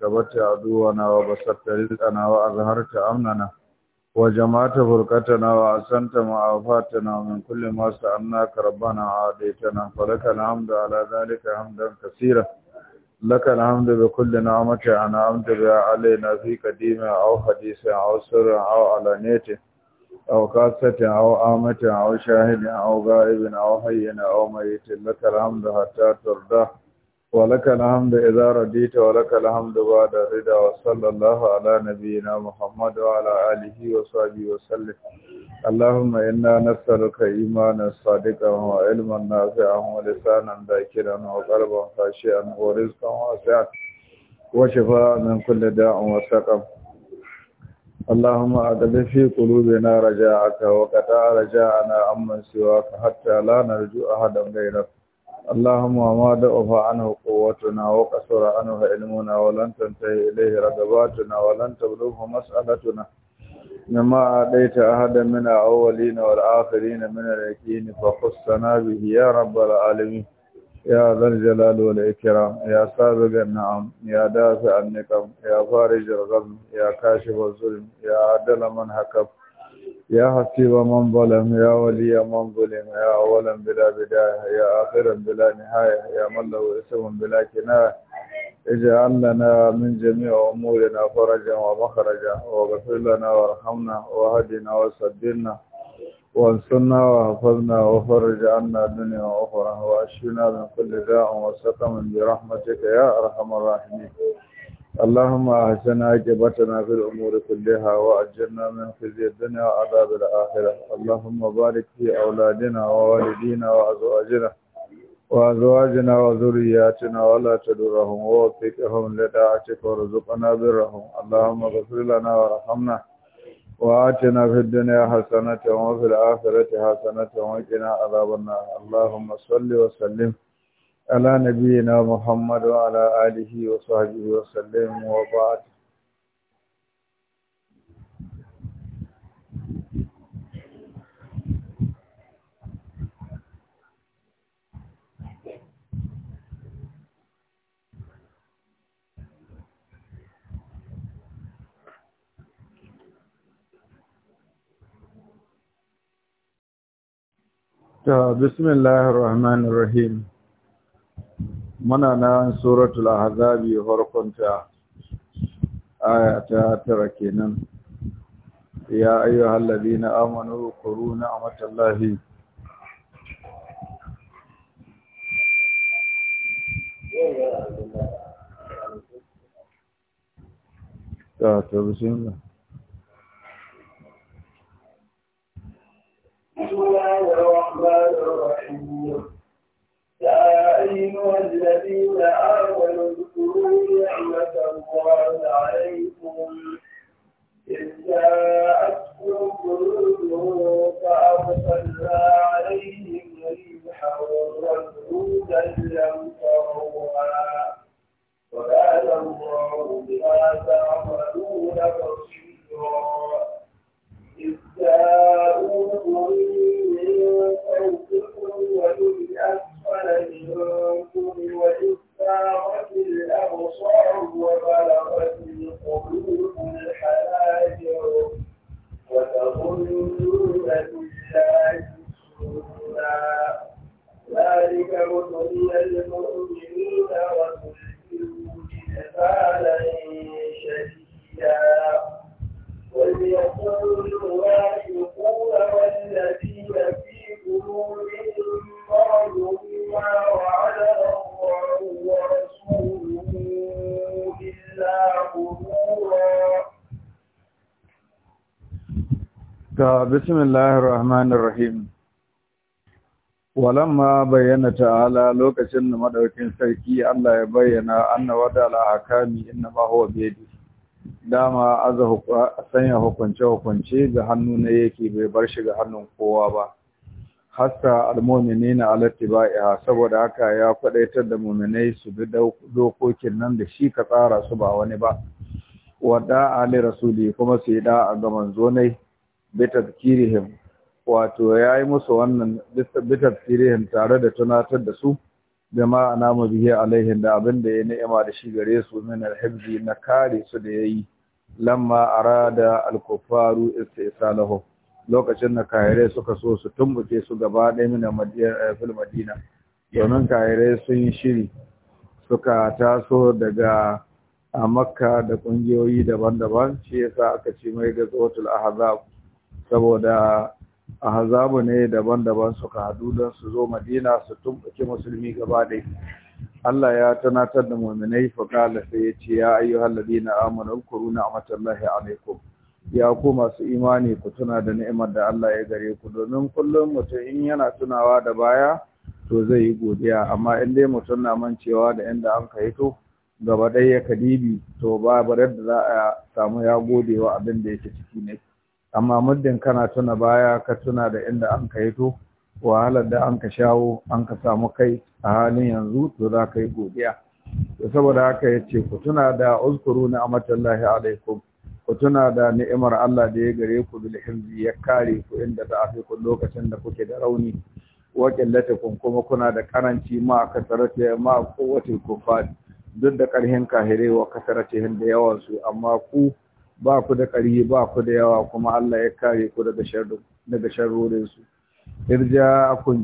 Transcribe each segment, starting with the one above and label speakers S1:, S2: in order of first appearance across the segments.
S1: كبت عدونا وبسطت رزقنا وأظهرت أمننا وجمعت فرقتنا وأحسنت معافاتنا ومن كل ما سألناك ربنا عاديتنا فلك الحمد على ذلك حمدا كثيرا لك الحمد بكل نعمة أنعمت بها علينا في قديم أو حديث أو سر أو علانية أو قاسة أو آمة أو شاهد أو غائب أو حي أو ميت لك الحمد حتى ترضى ولك الحمد إذا رديت ولك الحمد بعد الرضا وصلى الله على نبينا محمد وعلى آله وصحبه وسلم اللهم إنا نسألك إيمانا صادقا وعلما نافعا ولسانا ذاكرا وقلبا خاشعا ورزقا واسعا وشفاء من كل داء وسقم اللهم أدب في قلوبنا رجاءك وقطع رجاءنا عمن سواك حتى لا نرجو أحدا غيرك اللهم ما دعف عنه قوتنا وقصر عنه علمنا ولن تنتهي إليه رغباتنا ولن تبلغه مسألتنا مما عديت أهدا من الأولين والآخرين من الأكين فخصنا به يا رب العالمين يا ذا الجلال والإكرام يا سابق النعم يا دافع النقم يا فارج الغم يا كاشف الظلم يا عدل من هكب يا حسيب من ظلم يا ولي من ظلم يا أولا بلا بداية يا آخرا بلا نهاية يا من له اسم بلا كناية اجعل لنا من جميع أمورنا فرجا ومخرجا واغفر لنا وارحمنا وهدنا وسددنا وانصرنا وحفظنا وفرج عنا الدنيا وأخرى وأشفنا من كل داء وسقم برحمتك يا أرحم الراحمين اللهم أحسن عاقبتنا في الأمور كلها وأجرنا من خزي الدنيا وعذاب الآخرة اللهم بارك في أولادنا ووالدينا وأزواجنا وأزواجنا وذرياتنا ولا تدرهم ووفقهم لطاعتك وارزقنا برهم اللهم اغفر لنا وارحمنا وآتنا في الدنيا حسنة وفي الآخرة حسنة وقنا عذاب النار اللهم صل وسلم على نبينا محمد وعلى آله وصحبه
S2: وسلم وبعد
S1: بسم الله الرحمن الرحيم muna nan suratul ahzabi ta aya ta tara kenan ya ayyuhal ladina amanu quru ni'matallahi ta ta bismillah
S2: بسم الله الرحمن الرحيم يا أيها الذين آمنوا اذكروا نعمة الله عليكم إذ جاءتكم جنود فأرسلنا عليهم ريحا وجنودا لم تروها وكان الله بما تعملون بصيرا إذ جاءوكم من فوقكم ومن ولد منكم الأبصار وبلغت القلوب الحناجر وتظنون بالله سنا ذلك مثل المؤمنين وتلكم جدالا شديدا وليقول المنافقون والذين
S1: ta bismillahir rahmanir rahim walamma bayyana ta'ala lokacin da madaukin sarki Allah ya bayyana anna wada al-ahkami inna ma huwa bi dama azahu sanya hukunce hukunce ga hannu ne yake bai bar shi ga hannun kowa ba hasta almu'minina ala tibaiha saboda haka ya kwadaitar da mu'minai su bi dokokin nan da shi ka tsara su ba wani ba wada ali rasuli kuma su yi da ga manzo ne kirihim wato ya yi musu wannan kirihim tare da tunatar da su da ma anama bihi alaihim da abin da ya ni'ima da shi gare su min alhibzi na kare su da ya yi lamma arada alkufaru istisalahum lokacin da kayare suka so su tumbuke su gaba ɗaya min fil madina domin kayare sun yi shiri suka taso daga a makka da ƙungiyoyi daban-daban shi yasa aka ce mai gazotul ahzab saboda ahzabu ne daban-daban suka hadu don su zo madina su tumbuke musulmi gaba da Allah ya tunatar da mu'minai fa sai ya ce ya ayyuhal ladina amanu kuru ni'matallahi alaikum ya ku masu imani ku tuna da ni'imar da Allah ya gare ku domin kullum mutum in yana tunawa da baya to zai yi godiya amma in dai mutum na mancewa da inda an ka hito gaba ɗaya ya kadibi to ba bar da za a samu ya gode wa abin da yake ciki ne amma muddin kana tuna baya ka tuna da inda an ka hito wahalar da an ka shawo an ka samu kai a halin yanzu to za ka yi godiya to saboda haka ya ce ku tuna da uzkuru na amatallahi alaikum ku tuna da ni'imar Allah da ya gare ku bil himzi ya kare ku inda a afi ku lokacin da kuke da rauni wa qillatukum kuma kuna da karanci ma kasarati ma kowace kufa duk da karhin kahire wa kasaratihin da yawan amma ku ba ku da ƙari, ba ku da yawa kuma Allah ya kare ku daga sharru daga sharrorinsu irja akun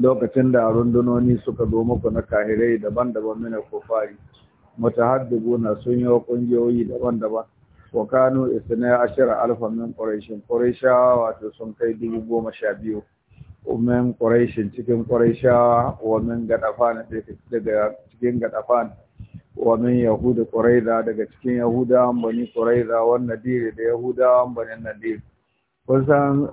S1: lokacin da rundunoni suka zo muku na kahirai daban-daban mina kufari mutahaddibuna sun yi kungiyoyi daban-daban wa kanu isna ashara alfa min quraishin quraishawa wato sun kai dubu goma sha biyu min quraishin cikin quraishawa wa min gadafan daga cikin gadafan wa min yahudu quraiza daga cikin yahudawan bani quraiza wan nadir da yahudawan bani nadir kusan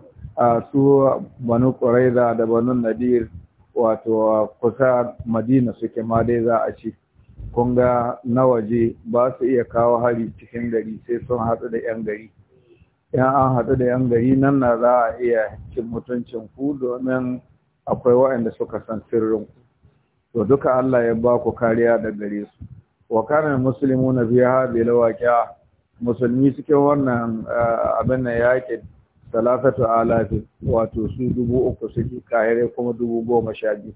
S1: su bani quraiza da bani nadir wato kusa madina suke ma dai za a ci kun ga na waje ba su iya kawo hari cikin gari sai sun haɗu da 'yan gari yan an haɗu da 'yan gari nan na za a iya cin mutuncin ku domin akwai waɗanda suka san sirrin ku to duka Allah ya ba ku kariya da gare su wa kana na biha bil waqi'a musulmi cikin wannan eh, abin nan yaƙi talafatu alafi wato su dubu uku suke kahire kuma dubu goma sha biyu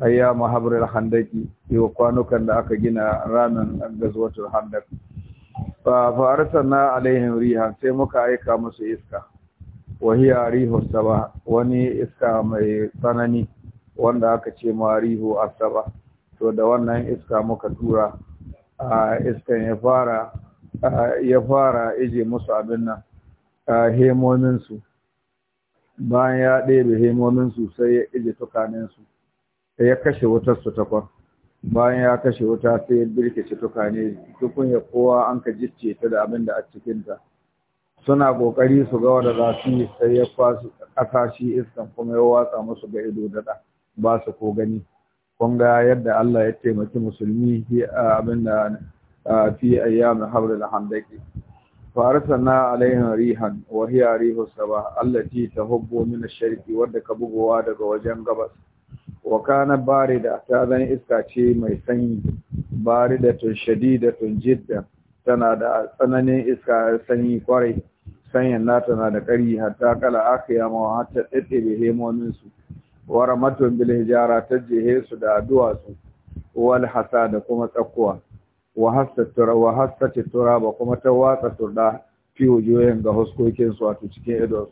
S1: ayya mahabrar handaki yau kwanukan da aka gina ranar gazuwatar handak fa sannan alaihim riha sai muka aika musu iska wa hiya saba wani iska mai tsanani wanda aka ce ma rihu asaba to da wannan iska muka tura iskan ya fara ya fara ije musu abin nan hemominsu bayan ya ɗebe hemominsu sai ya ije tukaninsu ya kashe wutarsu takwas bayan ya kashe wuta sai ya birkici tukane tukun ya kowa an ka jicce ta da abin da a cikinta suna kokari su ga wanda za su yi sai ya kwasu a kashi iskan kuma ya watsa musu ga ido daɗa ba su ko gani kun ga yadda Allah ya taimaki musulmi fi abin da fi ayyamin habrul handaki فارسلنا عليها ريحا Allah ريح ta التي min من wadda ka كبغوا daga wajen gabas wa kana barida ta zan iska ce mai sanyi da tun jidda tana da tsananin iska sanyi kwarai sanyin nata na da kari hatta kala akiyama hatta tsitse hemomin su wa ramatun bil hijara ta jehe su da duwatsu wal hasa da kuma tsakkuwa wa hasatura wa hasati turaba kuma ta watsa turda fi ga huskokin su wato cikin idon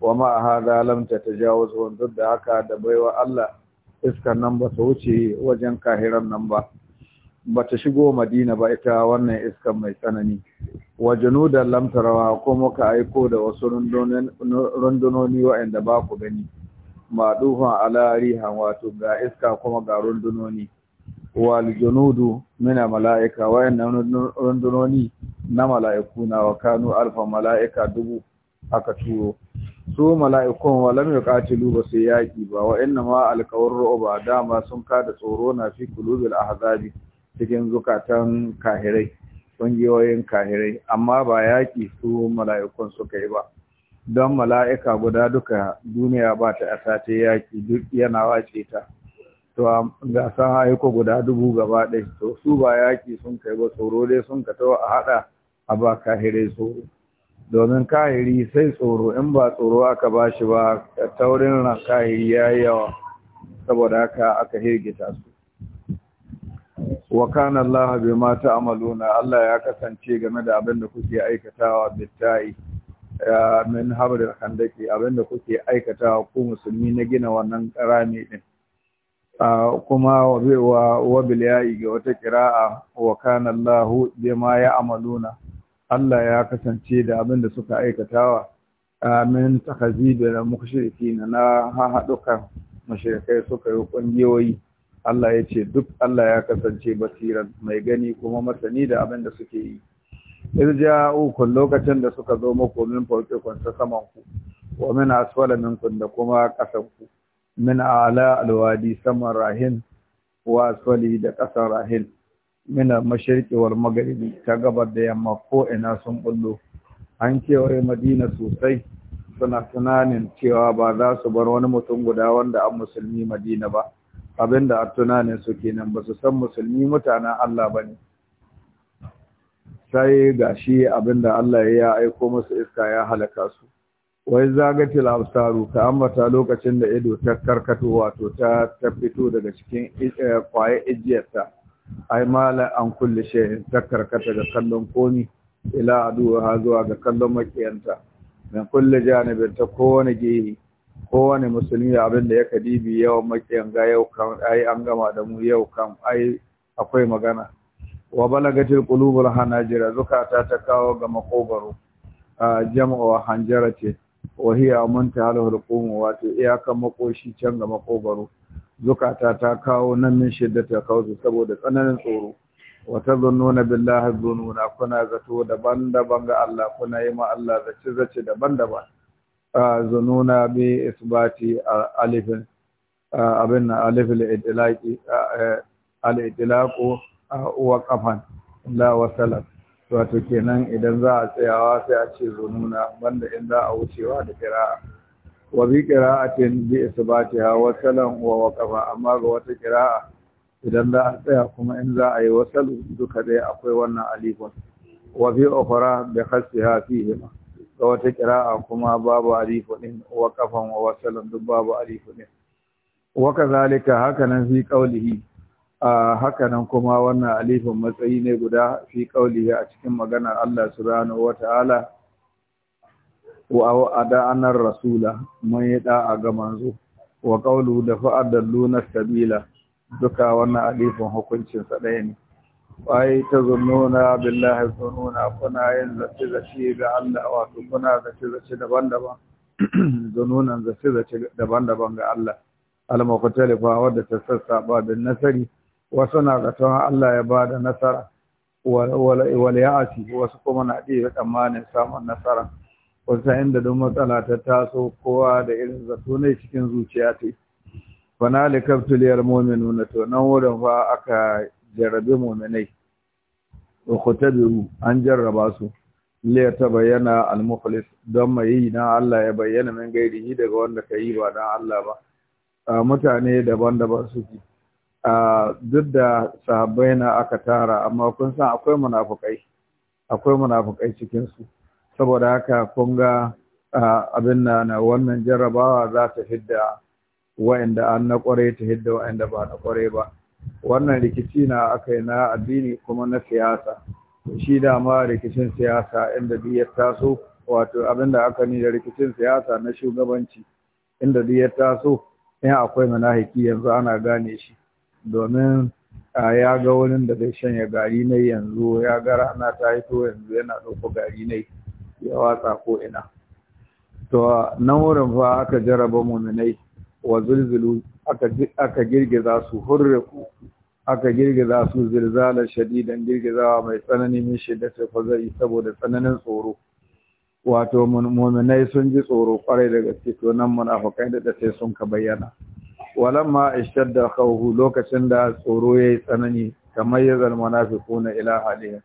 S1: wa ma hada lam tatajawuz wa duk da haka da baiwa Allah iskar nan ba ta wuce wajen kahiran nan ba ba ta shigo madina ba ita wannan iskar mai tsanani wa junudan lam tarawa ko muka aiko da wasu rundunoni waɗanda ba ku gani maɗufan ala wato ga iska kuma ga rundunoni wal junudu mina mala'ika wayannan rundunoni na mala'iku na wa kanu alfa mala'ika dubu aka turo su mala'ikun wa lam yuqatilu ba sai yaki ba wa inna ma alqawr ru'ba dama sun kada tsoro na fi kulubil ahzabi cikin zukatan kahirai kungiyoyin kahirai amma ba yaki su mala'ikun suka yi ba don mala'ika guda duka duniya ba ta ƙasa ta yaƙi duk yana wace ta to ga san haiko guda dubu gaba ɗai to su ba yaƙi sun kai ba tsoro dai sun ka tawa a haɗa a ba kahire tsoro domin kahiri sai tsoro in ba tsoro aka ba shi ba taurin ran kahiri ya yi yawa saboda haka aka hirgita su wa kana Allah bi ma ta'maluna Allah ya kasance game da abin da kuke aikatawa bitta'i min habarin handaki abinda kuke aikata ku musulmi na gina wannan rami din kuma wa bil ya'i ga wata kira'a wa kana Allahu bima ya'maluna Allah ya kasance da abinda suka aikatawa min takazib da mushrikin na kan mushrikai suka yi kungiyoyi Allah ya ce duk Allah ya kasance basiran mai gani kuma masani da abinda suke yi irja'ukum lokacin da suka zo muku min fawqikum ta saman ku wa min asfala minkum da kuma kasan ku min a'la alwadi saman rahin wa asfali da kasan rahin min al-mashriqi wal ta gabar da yamma ko ina sun bullo an kewaye madina sosai suna tunanin cewa ba za su bar wani mutum guda wanda an musulmi madina ba abinda a tunanin su kenan ba su san musulmi mutanen Allah ba ne Ta yi ga shi da Allah ya aiko masu iska ya halaka su wai zagatil absaru ka ambata lokacin da ido ta karkato wato ta tabbito daga cikin eh, kwaye ijiyarta ai mala an kulle shehin ta karkata ga kallon komi ila ha zuwa ga kallon makiyanta min kulle janibin ta kowane gini kowane musulmi abin da ya kadibi yawan makiyan ga yau kan ai an gama da mu yau kan ai akwai magana wa balagatil qulubul hanajira zukata ta kawo ga makogaro jama'a wa hanjarati wa hiya muntahal hulqum wato iyaka makoshi can ga makogaro zukata ta kawo nan min ta kauzu saboda tsananin tsoro wa tazunnuna billahi dhununa kuna zato daban-daban ga Allah kuna yi ma Allah zace zace daban-daban zununa bi isbati alifin abin alifin wa kafan la wasalat wato kenan idan za a tsayawa sai a ce zununa banda in za a wucewa da kira'a wa bi qira'atin bi isbatiha wa salam wa waqafa amma ga wata kira'a idan za a tsaya kuma in za a yi wasalu duka dai akwai wannan alifun wa bi ukhra bi khasiha fihi ga wata kira'a kuma babu alifu din wa kafan wa wasalan duk babu alifu din wa kazalika haka nan fi qawlihi hakanan kuma wannan alifin matsayi ne guda fi kauli a cikin magana Allah subhanahu wata'ala wa anar rasula mun yi da'a ga manzo wa qawlu da fa'adallu sabila duka wannan alifin hukuncin sa ɗaya ne ai ta zunnuna billahi zununa kuna yin zace zace ga Allah wato kuna zace zace daban-daban zununan zace zace daban-daban ga Allah al-muqtalifa wadda ta sassaba bin nasari wasu na zaton Allah ya ba da nasara ya ake wasu kuma na ya tsammanin samun nasara wasu inda duk matsala ta taso kowa da irin zato ne cikin zuciya ta fana li kaftuliyar mominu na nan wurin fa aka jarabe mominai wa kutabiru an jarraba su liya ta bayyana al don mai yi na Allah ya bayyana min gairihi daga wanda ka yi ba dan Allah ba mutane daban-daban suke duk da sahabbai na aka tara amma kun san akwai munafukai akwai munafukai cikin su saboda haka kun ga abin na na wannan jarrabawa za ta hidda wa'anda an na kware ta hidda wa'anda ba na kware ba wannan rikici na aka yi na addini kuma na siyasa shi da ma rikicin siyasa inda duk ya taso wato abin da aka ni da rikicin siyasa na shugabanci inda duk ya taso in akwai manahiki yanzu ana gane shi domin ya ga wurin da zai shanya gari na yanzu ya ga rana ta to yanzu yana ɗauko gari na ya watsa ko ina to nan wurin fa aka jaraba muminai wa zulzulu aka girgiza su hurriku aka girgiza su zilzalar shadidan girgizawa mai tsanani min shiddatar fazari saboda tsananin tsoro wato muminai sun ji tsoro kwarai da gaske to nan munafukai da sai sun ka bayyana walamma ishtadda khawfu lokacin da tsoro yayi tsanani kamar yazal munafiquna ila halihim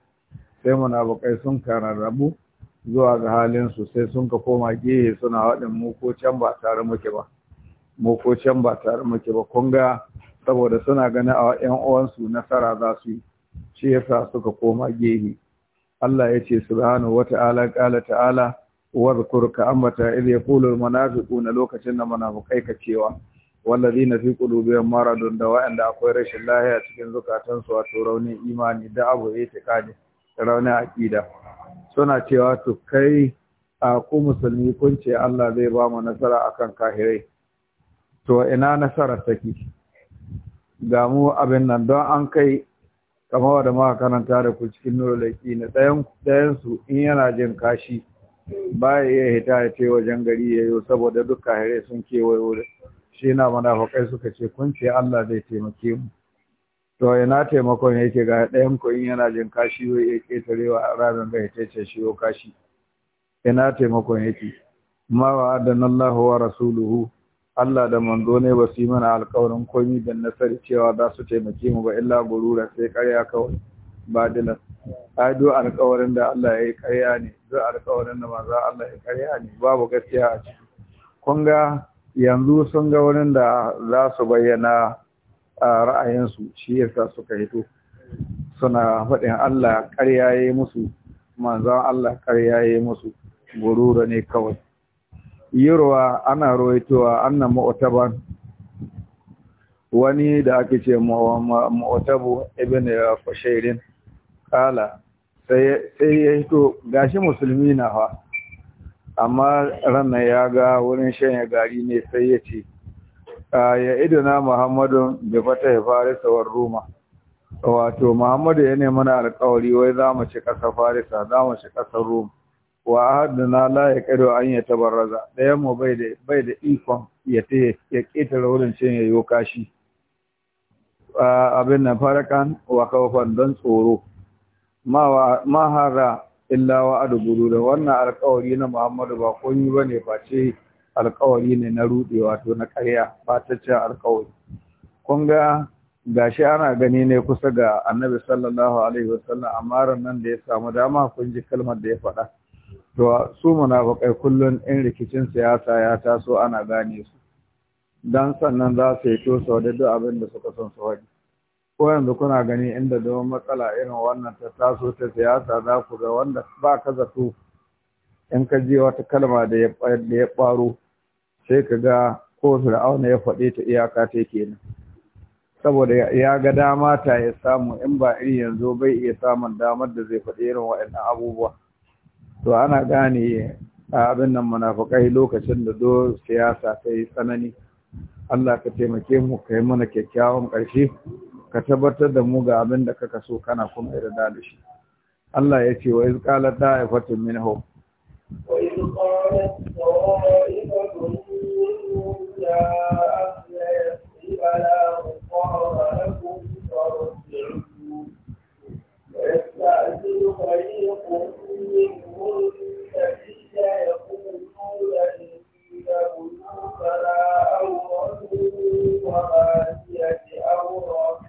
S1: sai munafiqai sun rabu zuwa ga halin su sai sun ka koma gehe suna wadin mu ko can ba tare muke ba mu can ba tare muke ba kun ga saboda suna gani a ƴan uwansu nasara za su shi yasa suka koma gehe Allah ya ce subhanahu wata'ala qala ta'ala wa zkur ka ambata idh yaqulu al-munafiquna lokacin da munafiqai ka cewa na fi qulubihim maradun da wa'anda akwai rashin lahiya cikin zukatansu wato raunin imani da abu ya da raunin aqida suna cewa to kai a ku musulmi kun ce Allah zai ba mu nasara akan kahirai to ina nasara take ga mu abin nan don an kai kamar da muka karanta da ku cikin nurulaki na ɗayansu su in yana jin kashi baya iya hita ya ce wajen gari ya yi saboda duk kahirai sun kewaye shi na munafukai suka ce kun ce Allah zai taimake mu to ina taimakon yake ga ɗayan ku in yana jin kashi ya ketarewa a ranar da ya tace shi yo kashi ina taimakon yake ma adana Allah wa rasuluhu Allah da manzo ne ba su yi mana alƙawarin komi da nasari cewa za su taimake mu ba illa gurura sai ƙarya kawai ba dila ai do alƙawarin da Allah ya yi ƙarya ne duk alƙawarin da manzo Allah ya ƙarya ne babu gaskiya a ciki kun ga yanzu sun ga wurin da za su bayyana ra'ayinsu shi yasa suka hito suna faɗin Allah yi musu manzan Allah karyaye musu gurura ne kawai ruwa ana roitowa annan ma'otaban wani da ake ce ma'otabu ibn fashirin kala sai ya hito gashi musulmi na fa amma ranar ya ga wurin shanya gari ne sai ya ce ya idina muhammadun da fata ya farisa war roma wato muhammadu ya nemi na alkawari wai za mu ci ƙasa farisa za mu ci ƙasar roma wa ahaduna la ya kado an yi tabarraza ɗayan mu bai da ikon ya te ya ketare wurin cin ya yo kashi abin na farakan wa kawafan don tsoro ma hara illa wa adubulu da wannan alkawari na Muhammadu ba yi bane face alkawari ne na rude wato na ƙarya ba ta ce alkawari kun ga gashi ana gani ne kusa ga Annabi sallallahu alaihi wasallam amma ran da ya samu dama kun ji kalmar da ya faɗa to su munafikai kullun in rikicin siyasa ya taso ana gane su dan sannan za su yi to sau da duk abin da suka son su wani ko yanzu kuna gani inda domin matsala irin wannan ta taso ta siyasa za ku ga wanda ba ka zato in ka je wata kalma da ya ɓaro sai ka ga ko fir'auna ya faɗe ta iyaka ta kenan saboda ya ga dama ta ya samu in ba iri yanzu bai iya samun damar da zai faɗi irin waɗannan abubuwa to ana gane a abin nan munafukai lokacin da do siyasa ta yi tsanani Allah ka taimake mu ka yi mana kyakkyawan ƙarshe ka tabbatar da mu ga abin da kaka so kana kuma yarda da shi Allah ya ce wa iz qalat da'ifatun minhum
S2: wa iz qalat da'ifatun minhum ya ahla yasbala qala lakum farji'u wa yasta'jilu fariqun minhum alladhina yaquluna inna qulubana awratun wa qadiyati awratun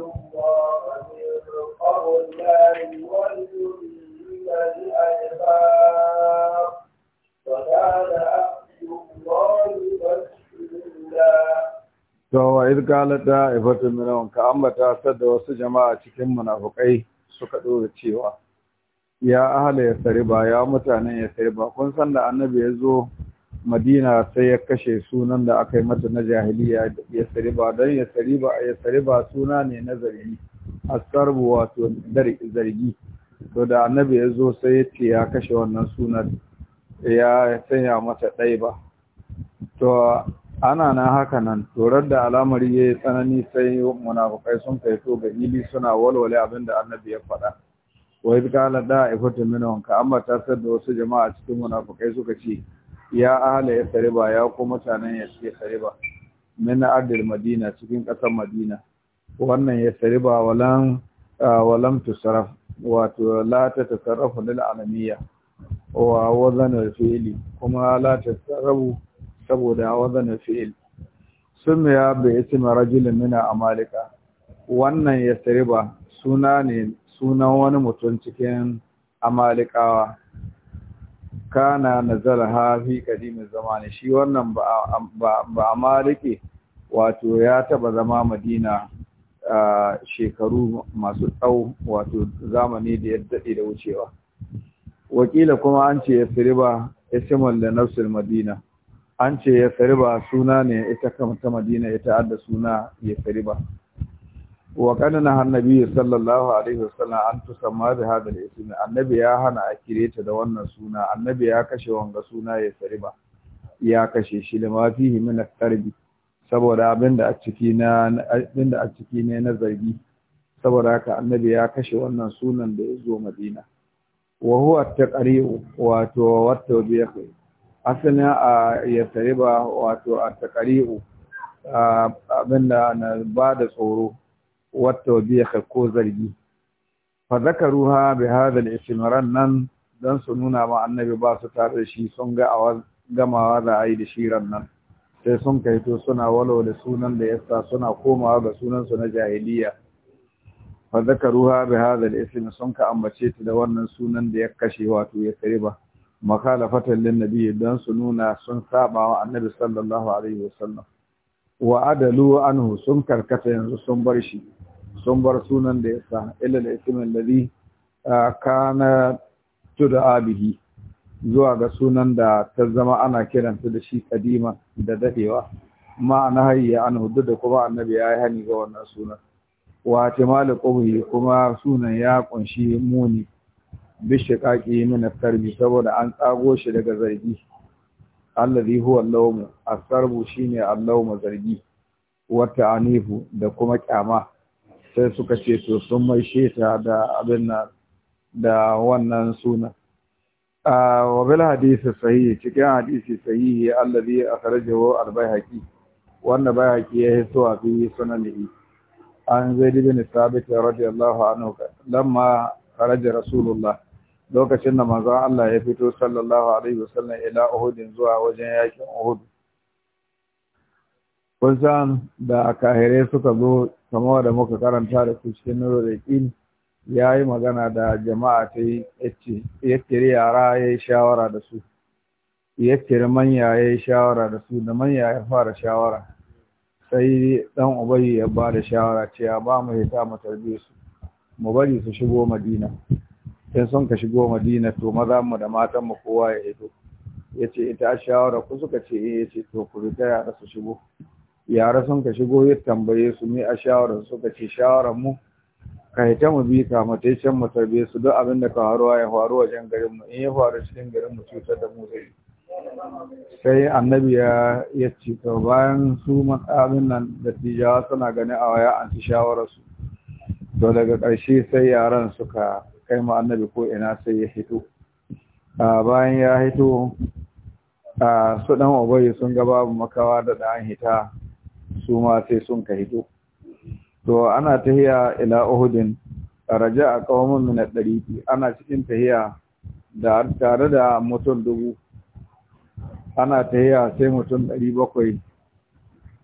S1: wa ta ifatun minhum ka ambata sadda wasu jama'a cikin munafukai suka dora cewa ya ahala ya sariba ya mutanen ya sariba kun san da annabi ya zo madina sai ya kashe sunan da aka yi mata na jahiliya ya sariba don ya sariba suna ne na zargi asarbu wato zargi to da annabi ya zo sai ya ce ya kashe wannan sunan ya sanya mata ba to ana nan haka nan torar da alamari ya yi tsanani sai munafukai sun kai to ga ili suna walwale abin da annabi ya faɗa wa idh qala da'ifatu minhum ka amma ta da wasu jama'a cikin munafukai suka ce ya ahla ya sariba ya ko mutanen ya ce sariba min ardil madina cikin ƙasar madina wannan ya sariba walan walam tusarraf wato la ta tasarrafu lil alamiyya wa wazan fili, kuma la tasarrafu saboda wazanin fi'il sun ya bai isma rajulin mina amalika wannan yasriba suna ne sunan wani mutum cikin amalikawa kana nazala hafi kadimin zamani shi wannan ba a malike wato ya taba zama madina shekaru masu tsawo wato zamani da ya daɗe da wucewa wakila kuma an ce ya firiba isimin da nafsul madina an ce ya sariba suna ne ita ta madina ita adda suna ya sariba wa kanana annabi sallallahu alaihi wasallam an tusamma da hadal ism annabi ya hana a ta da wannan suna annabi ya kashe wanga suna ya sariba ya kashe shi lima fihi min at karbi saboda abinda a ciki na abinda a ciki ne na zargi saboda haka annabi ya kashe wannan sunan da ya zo madina wa huwa at-taqri'u wato wa kai asalin a ba wato a takari'u abinda na ba da tsoro wata biya ko zargi fa ha bi hadal ismran nan dan su nuna ma annabi ba su tare da shi sun ga awar gamawa da ayi da shiran nan sai sun kaito suna walo da sunan da yasa suna komawa ga sunansu na jahiliya fa ha bi hadal ism sun ka ambace ta da wannan sunan da ya kashe wato ya ba makalafatan lin nabi dan su nuna sun saba wa annabi sallallahu alaihi wasallam wa adalu anhu sun karkata yanzu sun bar shi sun bar sunan da yasa illa da ismin ladhi kana tud'a bihi zuwa ga sunan da ta zama ana kiranta da shi kadima da dadewa ma'ana hayya an hudu da kuma annabi ya yi hani ga wannan sunan wa timalu kuma sunan ya kunshi muni bishiqaqi min at karbi saboda an tsago shi daga zargi allazi huwa lawmu lawm shine al mazargi zargi wata anifu da kuma kyama sai suka ce to sun mai sheta da abin nan da wannan suna wa bil hadisi sahihi cikin hadisi sahihi allazi akhrajahu al-baihaqi Wannan baihaqi ya hiso a fi sunanihi an zaid bin thabit radiyallahu anhu lamma kharaja rasulullah lokacin da manzon Allah ya fito sallallahu alaihi wasallam ila Uhud zuwa wajen yakin Uhud kusan da kahire suka zo kamar da muka karanta da su cikin nuru ya yi magana da jama'a ta yi yakkiri yara ya yi shawara da su yakkiri manya ya yi shawara da su da manya ya fara shawara sai dan ubayi ya ba da shawara cewa ba mu hita mu tarbe su mu bari su shigo madina in son ka shigo madina to maza mu da matan mu kowa ya ido ya ce ita a shawara ku suka ce eh ya ce to ku rika yara su shigo yara sun ka shigo ya tambaye su me a shawara suka ce shawaran mu ka ita mu bi ka mu tai can mu tarbe su duk abin da ka faruwa ya faru wajen garin mu in ya faru cikin garin mu cutar da mu zai sai annabi ya ya ce to bayan su matsalin nan da tijawa suna ganin a waya an ci su to daga ƙarshe sai yaran suka kai ma annabi ko ina sai ya hito A bayan ya hito su dan obayi sun ga babu makawa da dan hita su ma sai sun ka hito to ana tahiya ila uhudin raja a kawamin min ɗariƙi ana cikin tahiya da tare da mutum dubu ana tahiya sai mutum ɗari bakwai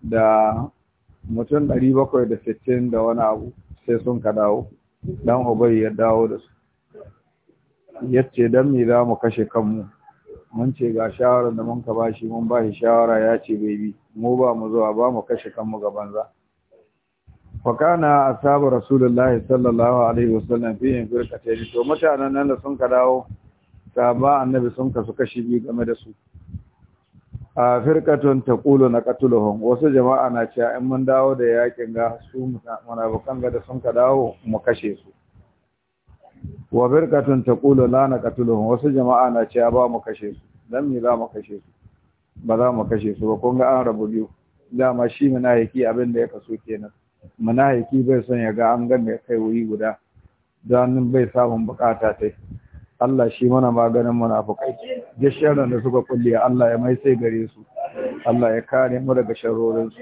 S1: da mutum ɗari da sittin da wani abu sai sun ka dawo dan obayi ya dawo da su yace dan me za mu kashe kanmu mun ce ga shawarar da mun ka bashi mun ba shi shawara ya ce bai bi mu ba mu zuwa ba mu kashe kanmu ga banza fakana ashabu rasulullahi sallallahu alaihi wasallam fi yin firkatayn to mutanen nan da sun ka dawo ba annabi sun kasu kashi biyu game da su a firkatun kulo na qatuluhum wasu jama'a na cewa in mun dawo da yakin ga su munafikan ga da sun ka dawo mu kashe su wa ta taqulu la naqtuluhum wasu jama'a na cewa ba mu kashe su dan me za mu kashe su ba za mu kashe su ba kun ga an rabu biyu dama shi munafiki abin da ya kaso kenan munafiki bai son ya ga an ya kai wuri guda Zanen bai samun bukata ta. Allah shi mana maganin munafukai duk da suka kulle Allah ya mai sai gare su Allah ya kare mu daga sharorin su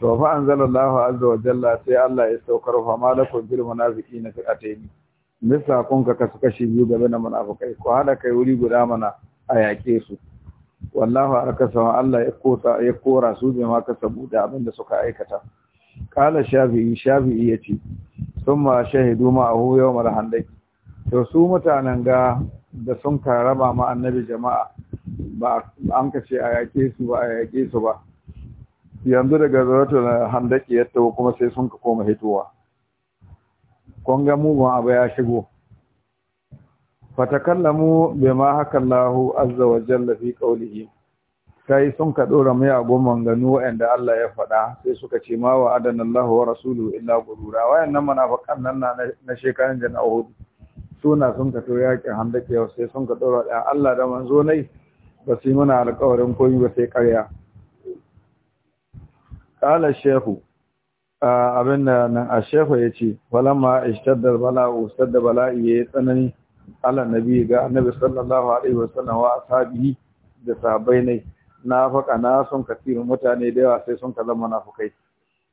S1: to fa anzalallahu azza wa jalla sai Allah ya saukar fa malakum bil munafiqina fi ataini bisa kunka ka suka shi biyu game da munafukai ko hada kai wuri guda mana a yaƙe su wallahu arkasahu Allah ya kota ya kora su bi ma ka saboda abin da suka aikata kala shafi'i shafi'i yace summa shahidu ma'ahu yawmal handaki to su mutanen ga da sun karaba ma annabi jama'a ba an kace a yaƙe su ba a yaƙe su ba yanzu daga zuwa handaki ya kuma sai sun ka koma hitowa kun ga mugun abu ya shigo fatakallamu ma haka Allah azza wa jalla fi qawlihi kai sun ka dora mai agon manganu wanda Allah ya faɗa sai suka ce ma wa adana Allah wa rasuluhu illa gurura wayannan munafikan nan na na shekaran jana Uhud suna sun ka to yakin handake yau sai sun ka dora da Allah da manzo nai ba su yi mana alƙawarin koyi ba sai ƙarya qala shehu abin da nan a shefa ya ce falamma ishtaddar bala'u sadda bala'i ya tsanani ala nabi ga annabi sallallahu alaihi wasallam wa ashabihi da sahabbai ne na faka na sun kasirin mutane da yawa sai sun kalla munafukai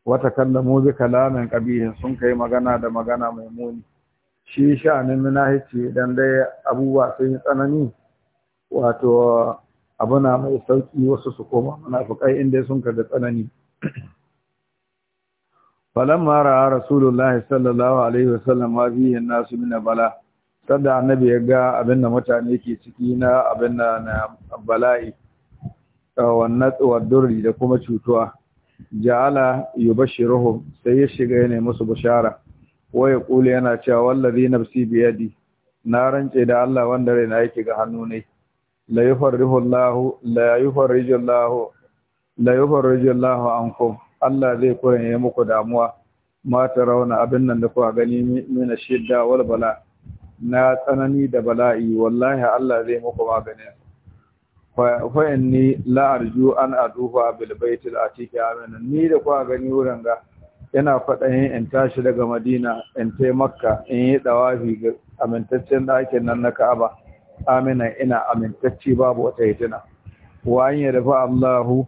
S1: wata mu zika kalamin kabihin sun kai magana da magana mai muni shi sha'anin munahici dan dai abubuwa sun yi tsanani wato abu na mai sauki wasu su koma munafukai inda sun ka da tsanani falamma ra'a rasulullahi sallallahu alaihi ma bihi an-nasu min bala sanda annabi ya ga abinda mutane ke ciki na abinda na bala'i wannan tsawadurri da kuma cutuwa ja'ala yubashiruhum sai ya shiga ya yana musu bishara waya kula yana cewa wallazi nafsi biyadi na rance da Allah wanda na yake ga hannu ne la yufarrihu Allah Allah zai koyanye muku damuwa mata rauna abin nan da kuka gani mina shidda wal bala na tsanani da bala'i wallahi Allah zai muku maganin fa inni la arju an adufa bil baitil atiki amin ni da kuka gani wurin ga yana yin in tashi daga Madina in tai Makka in yi dawafi ga amintaccen ɗakin nan na Ka'aba amina ina amintacci babu wata hitina wa an yarfa Allahu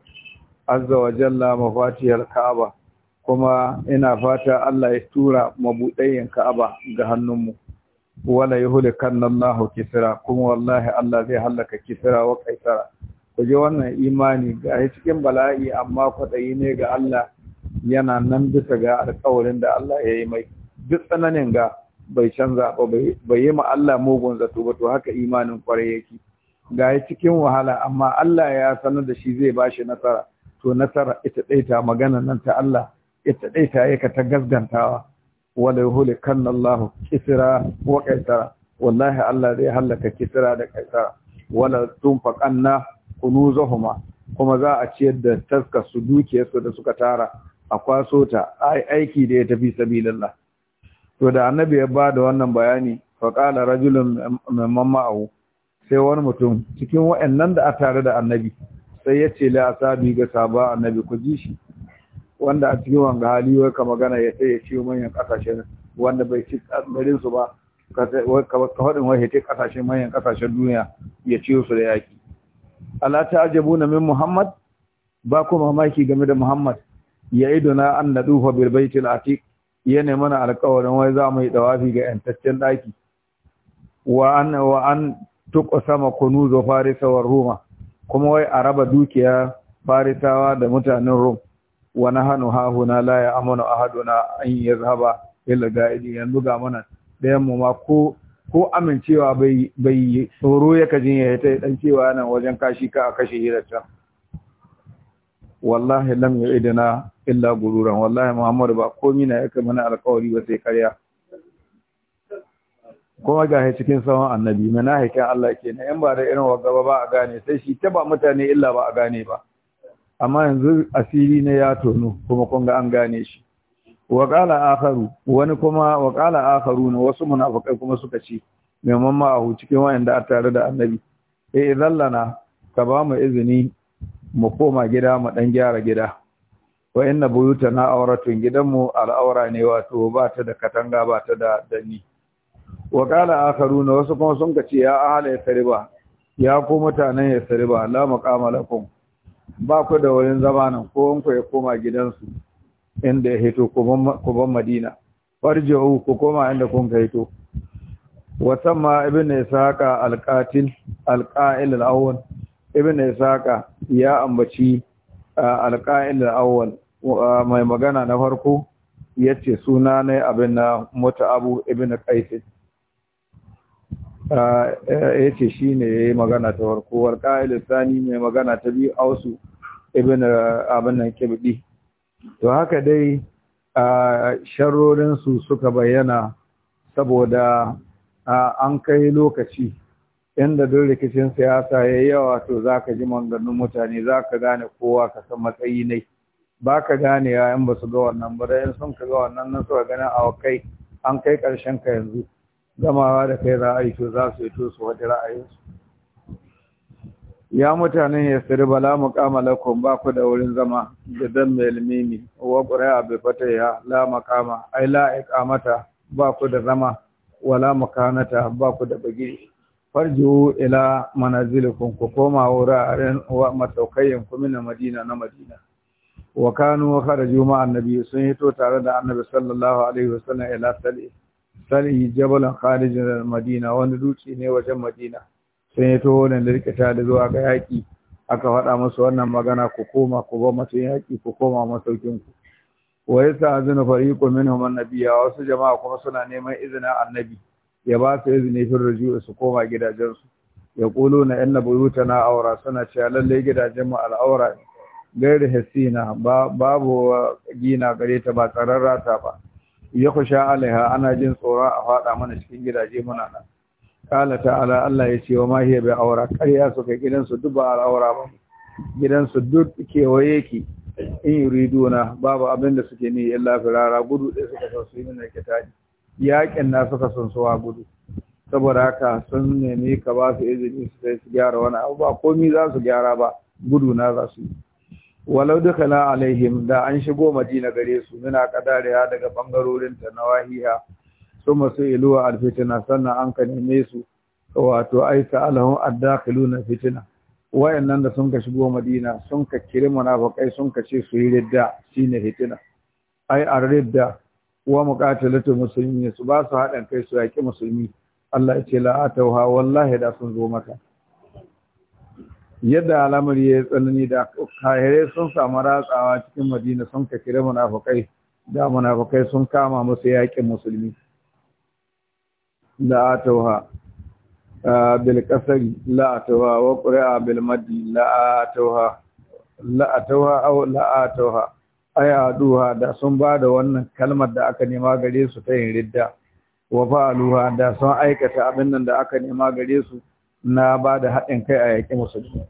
S1: azza wa jalla mafatiyar Ka'aba kuma ina fata Allah ya tura mabudayen Ka'aba ga hannunmu wala yuhlikanna Allahu kisra kuma wallahi Allah zai halaka kisra wa kaisara ku ji wannan imani ga cikin bala'i amma kwaɗayi ne ga Allah yana nan bisa ga alƙawarin da Allah ya yi mai duk tsananin ga bai canza ba bai yi ma Allah mugun zato ba to haka imanin kwarai yake ga cikin wahala amma Allah ya sanar da shi zai bashi nasara to nasara ita ɗaita magana nan ta Allah ita ɗaita yaka ta gasgantawa wala yuhuli kan Allah kisra wa kaisara wallahi Allah zai halaka kisra da kaisara wala tunfaqanna zahuma kuma za a ciyar da taska su su da suka tara a kwaso ta ai aiki da ya tafi sabilillah to da annabi ya ba da wannan bayani fa qala rajulun mimman sai wani mutum cikin wa'annan da a tare da annabi sai ya ce la asabi ga saba annabi ku ji shi wanda a cikin wanga hali wai ka magana ya sai ya ce manyan kasashen wanda bai ci garin su ba ka faɗin wai ya kasashen manyan kasashen duniya ya ce su da yaƙi. ala ta'jabu na min muhammad ba ku mamaki game da muhammad ya idona an dufa bil baitil atiq yana mana alƙawarin wai za mu yi dawafi ga yantaccen daki wa an wa an kunu kunuz farisa roma kuma wai a raba dukiya farisawa da mutanen rum wa na hahuna la a hadu ahaduna an yi zaba illa ga'idi yanzu ga mana ɗayan mu ma ko amincewa bai yi tsoro ya kajin ya ta dan cewa yana wajen kashi ka a kashe hirarta wallahi lam ya idina illa gururan wallahi muhammadu ba komi na yake mana alkawari ba sai karya kuma ga cikin sawan annabi manahikin Allah kenan yan ba da irin wagaba ba a gane sai shi ta ba mutane illa ba a gane ba amma yanzu asiri na ya tono kuma kun ga an gane shi Waƙala wani kuma waƙala qala na wasu munafukai kuma suka ce mai mamma a cikin da a tare da annabi eh lana ka ba mu izini mu koma gida mu ɗan gyara gida wa buyuta na auratun gidanmu al'aura ne wato ba ta da katanga ba ta da danni wa qala na wasu kuma sun kace ya ahla yasriba ya ku mutanen yasriba la maqama lakum ba ku da wurin zama nan ko in ya koma gidansu inda ya hito ku ban madina farji'u ku koma inda kun ka hito wa samma ibn isaqa alqatil alqa'il alawwal ibn isaqa ya ambaci alqa'il alawwal mai magana na farko yace suna ne abin na mutaabu ibn qais ya ce shi ne ya yi magana ta farko warƙa'il sani mai magana ta biyu ausu ibn abin nan kibdi to haka dai sharrorinsu suka bayyana saboda an kai lokaci inda duk rikicin siyasa ya yi yawa to za ka ji manganin mutane za ka gane kowa ka san matsayi ne ba ka gane ya in ba su ga wannan ba da in sun ka ga wannan nan suka ganin a kai an kai ƙarshen ka yanzu gamawa da kai za a yi to za su yi to su wata ra'ayinsu ya mutanen ya siri bala kama lakon ba ku da wurin zama da dan melmimi wa ƙuri'a bai fata ya la kama, ai la iqamata ba ku da zama wala makanata ba ku da bagi farjiu ila manazilikum ku koma wuraren wa mataukayin ku madina na madina wa kanu kharaju ma annabi sun hito tare da annabi sallallahu alaihi wasallam ila salih salihi jabalan kharijin madina wani dutse ne wajen madina sai ya taho da lirkita da zuwa ga yaƙi aka faɗa musu wannan magana ku koma ku bar masu yaƙi ku koma masaukin ku wa yasta'zinu fariqun minhum an wasu jama'a kuma suna neman izinin annabi ya ba su izini fil ruju'i su koma gidajensu ya ƙulo na ‘yan buyuta na aura suna cewa lalle gidajen mu al'aura ne, gairi hasina babu gina gare ta ba tsararrata ba, ya kusha alaiha ana jin tsoron a faɗa mana cikin gidaje muna nan kala ta'ala Allah ya ce wa ma hiya aura ƙarya su kai gidansu duk ba aura ba gidansu duk kewaye ki in yuriduna babu abin da suke ni illa firara gudu ɗaya suka so su yi min kitani yakin na suka son suwa gudu saboda haka sun nemi ka ba su izini su sai su gyara wani abu ba komi za su gyara ba gudu na za su yi walau kala alaihim da an shigo madina gare su muna kadariya daga bangarorin ta nawahiya su masu iluwa alfitina sannan an ka neme su wato aita alahun addakiluna fitina wayannan da sun ka shigo madina sun ka kire munafikai sun ka ce su yi ridda shine fitina ai ar ridda wa muqatilatu musulmi su ba su haɗin kai su yaki musulmi Allah ya ce la atawha wallahi da sun zo maka yadda al'amari ya yi tsanani da kahirai sun samu ratsawa cikin madina sun ka kira munafukai da munafukai sun kama musu yaƙin musulmi la atawa bil kasari la atawa wa qur'a bil madi la atawa la atawa aw la atawa aya duha da sun ba da wannan kalmar da aka nema gare su ta yin ridda wa fa'aluha da sun aikata abin nan da aka nema gare su na ba da haɗin kai a yaƙi musulmi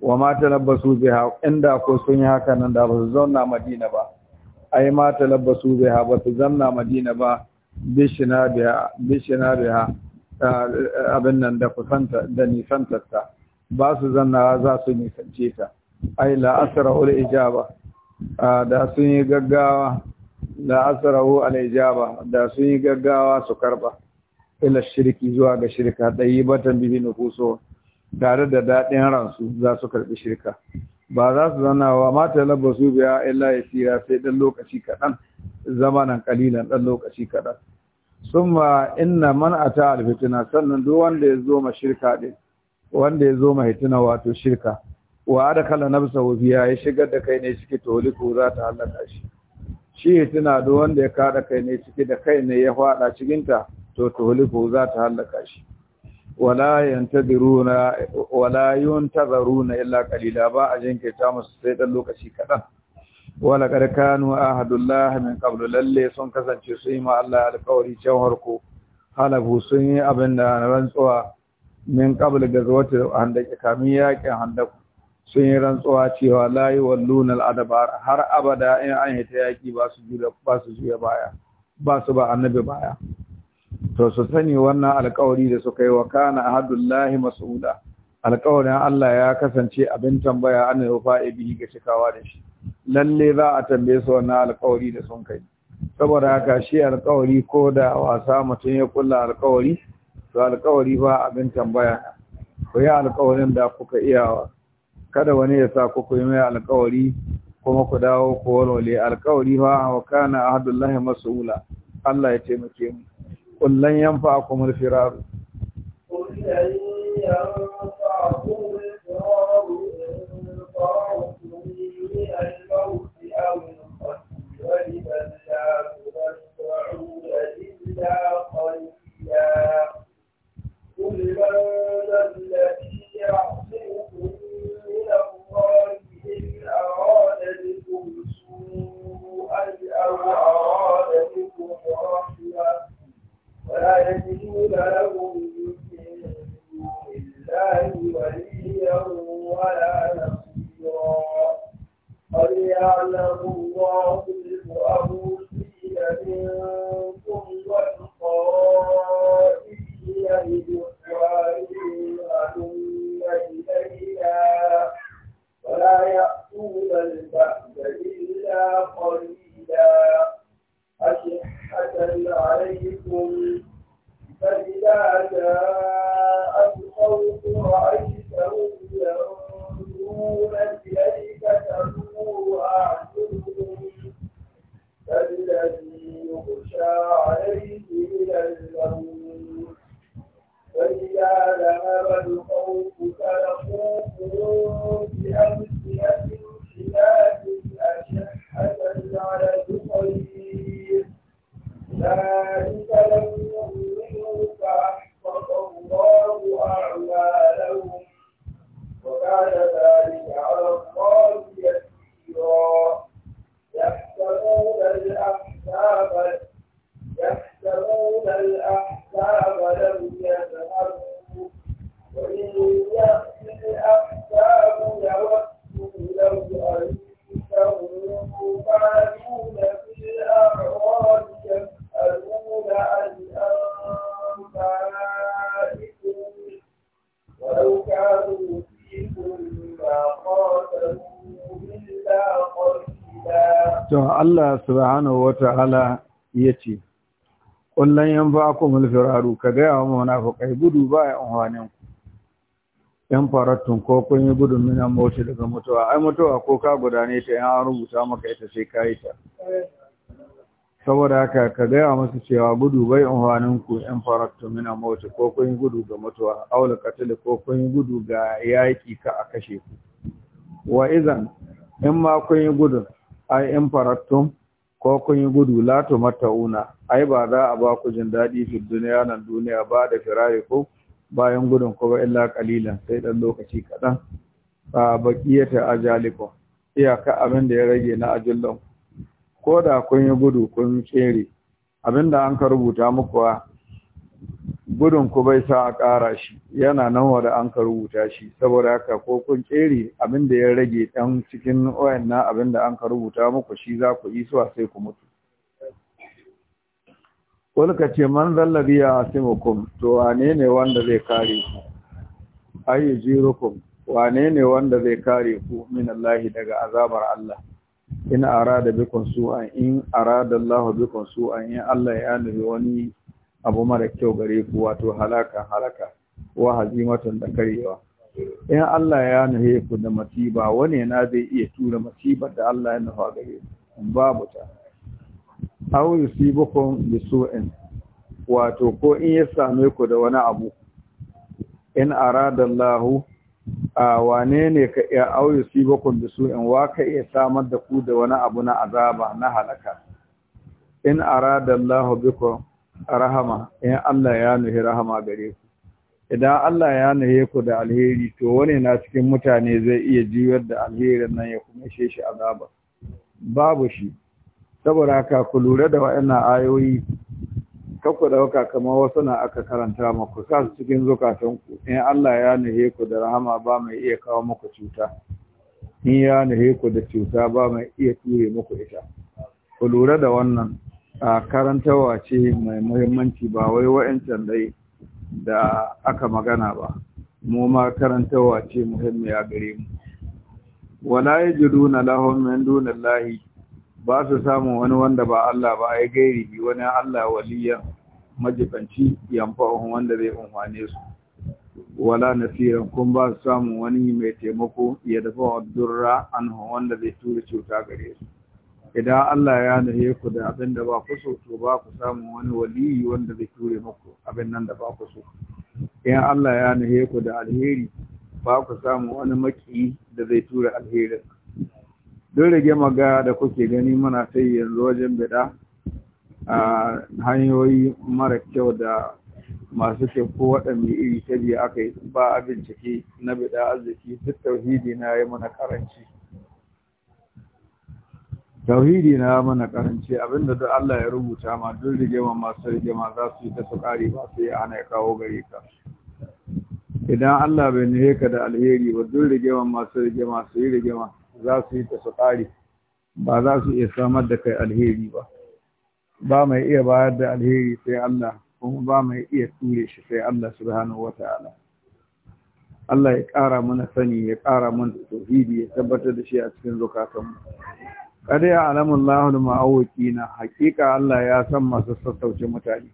S1: wa ma talabbasu ha, inda ko sun yi haka nan da ba su zauna madina ba ai ma talabbasu ha, ba su zauna madina ba bishina biha bishina abin nan da kusanta da nisantarta ba su zanna za su nisance ta ai la asra'ul ijaba da sun yi gaggawa la asra'u al ijaba da sun yi gaggawa su karba ila shirki zuwa ga shirka ɗayi batan bihi nufuso tare da daɗin ransu za su karɓi shirka ba za su zana wa mata su biya illa ya tira sai ɗan lokaci kaɗan zamanan ƙalilan ɗan lokaci kaɗan sun ma inna man a ta alfitina sannan duk wanda ya zo ma shirka ɗin wanda ya zo ma hitina wato shirka wa da kala nafsa biya ya shigar da kai ne ciki toliku za ta hallaka shi shi hitina duk wanda ya kaɗa kai ne ciki da kai ne ya faɗa cikinta to ko za ta halaka shi wala yantadiruna wala yuntazaruna illa qalila ba a ta musu sai dan lokaci kadan wala kad kanu ahadullah min qablu lalle sun kasance su yi ma Allah alƙawari can harko halafu sun yi abin da rantsuwa min qablu gazwatil handaki kamin yaƙin handaku sun yi rantsuwa cewa layi wallunar adabar har abada in an yi ta yaƙi ba su juya baya ba su ba annabi baya to su sani wannan alƙawari da suka yi wa kana ahadullahi mas'ula Alƙawarin Allah ya kasance abin tambaya an rufa biyu ga cikawa da shi lalle za a tambaye su wannan alƙawari da sun kai saboda haka shi alƙawari ko da wasa mutum ya kulla alƙawari, to alƙawari ba abin tambaya ku yi alƙawarin da kuka iyawa kada wani ya sa ku yi mai alkawari kuma ku dawo ku walwale Alƙawari ba wa kana ahadullahi mas'ula Allah ya taimake mu قل لن ينفعكم الفرار
S2: قل لن ينفعكم الفرار إن الموت أو القتل لا إلا قليلا قل من الذي
S1: subhanahu wata'ala yace kullun yanfa'akumul firaru ka ga wa munafiqai gudu ba ya unhwanin ku yan faratun ko kun yi gudun minan mauti daga mutuwa ai mutuwa ko ka gudane ta yan rubuta maka ita sai ka yi ta saboda haka ka gaya musu cewa gudu bai unhwanin ku yan farattun minan mauti ko kun yi gudu ga mutuwa aula katil ko kun yi gudu ga yaƙi ka a kashe ku wa izan in ma kun yi gudun ai in faratun ko kun yi gudu la una ai ba za a ba ku jin daɗi fi duniya nan duniya ba da firaye ko bayan gudun ko ba illa kalila sai dan lokaci kaɗan a baqiyata ajalikum iyaka abin da ya rage na ajallan ko da kun yi gudu kun tsere abin da an ka rubuta muku gudun ku bai sa a ƙara shi yana nan wanda an ka rubuta shi saboda haka ko kun ƙere abin da ya rage ɗan cikin na abin da an ka rubuta muku shi za ku yi suwa sai ku mutu Kulka ce man zallabi ya kum, to wane ne wanda zai kare ku ayi kum wane ne wanda zai kare ku min Allahi daga azabar Allah in arada bikon su'an in arada Allah bikon su'an in Allah ya nufi wani abu mara kyau gare ku wato halaka halaka wa hazimatun da karewa in Allah ya nuhe ku da masiba wani na zai iya tura masibar da Allah ya nufa gare ku babu ta aw yusibukum bisu'in wato ko in ya same ku da wani abu in arada Allah a wane ne ka iya aw yusibukum bisu'in wa ka iya samar da ku da wani abu na azaba na halaka in arada Allah bikum rahama in Allah ya nuhi rahama gare ku idan Allah ya nuhi ku da alheri to wane na cikin mutane zai iya juyar da alherin nan ya kuma she shi azaba babu shi saboda haka ku lura da wa'annan ayoyi kakku dauka kamar wasu na aka karanta muku sa su cikin zukatanku in Allah ya nuhi ku da rahama ba mai iya kawo muku cuta in ya nuhi ku da cuta ba mai iya ture muku ita ku lura da wannan a karantarwa ce mai muhimmanci ba wai wa'ancan dai da aka magana ba mu ma karantarwa ce muhimmiya gare mu wala yajiduna lahum min lahi ba su samu wani wanda ba Allah ba ai gairi bi wani Allah waliyan majibanci yanfa'uhum wanda zai umfane su wala nasira kun ba su samu wani mai taimako ya dafa durra anhu wanda zai tura cuta gare su idan Allah ya nahe ku da abin da ba ku so to ba ku samu wani waliyi wanda zai ture muku abin nan da ba ku so Idan Allah ya nahe ku da alheri ba ku samu wani maki da zai tura alheri. don rage maga da kuke gani muna ta yanzu wajen bida a hanyoyi mara kyau da masu kyau ko iri ta biya aka yi ba abin bincike na bida arziki duk tauhidi na yi mana karanci tauhidi na mana karanci abinda duk Allah ya rubuta ma duk rigima masu rigima za su yi ta su ba su yi ana ya kawo gare ka idan Allah bai nuhe ka da alheri ba duk rigima masu rigima su yi rigima za su yi ta su ba za su iya samar da kai alheri ba ba mai iya bayar da alheri sai Allah kuma ba mai iya ture shi sai Allah subhanahu ta'ala Allah ya ƙara mana sani ya ƙara mana tauhidi ya tabbatar da shi a cikin zukatanmu kada ya alamun lahul ma'awuki na hakika Allah ya san masu sassauce mutane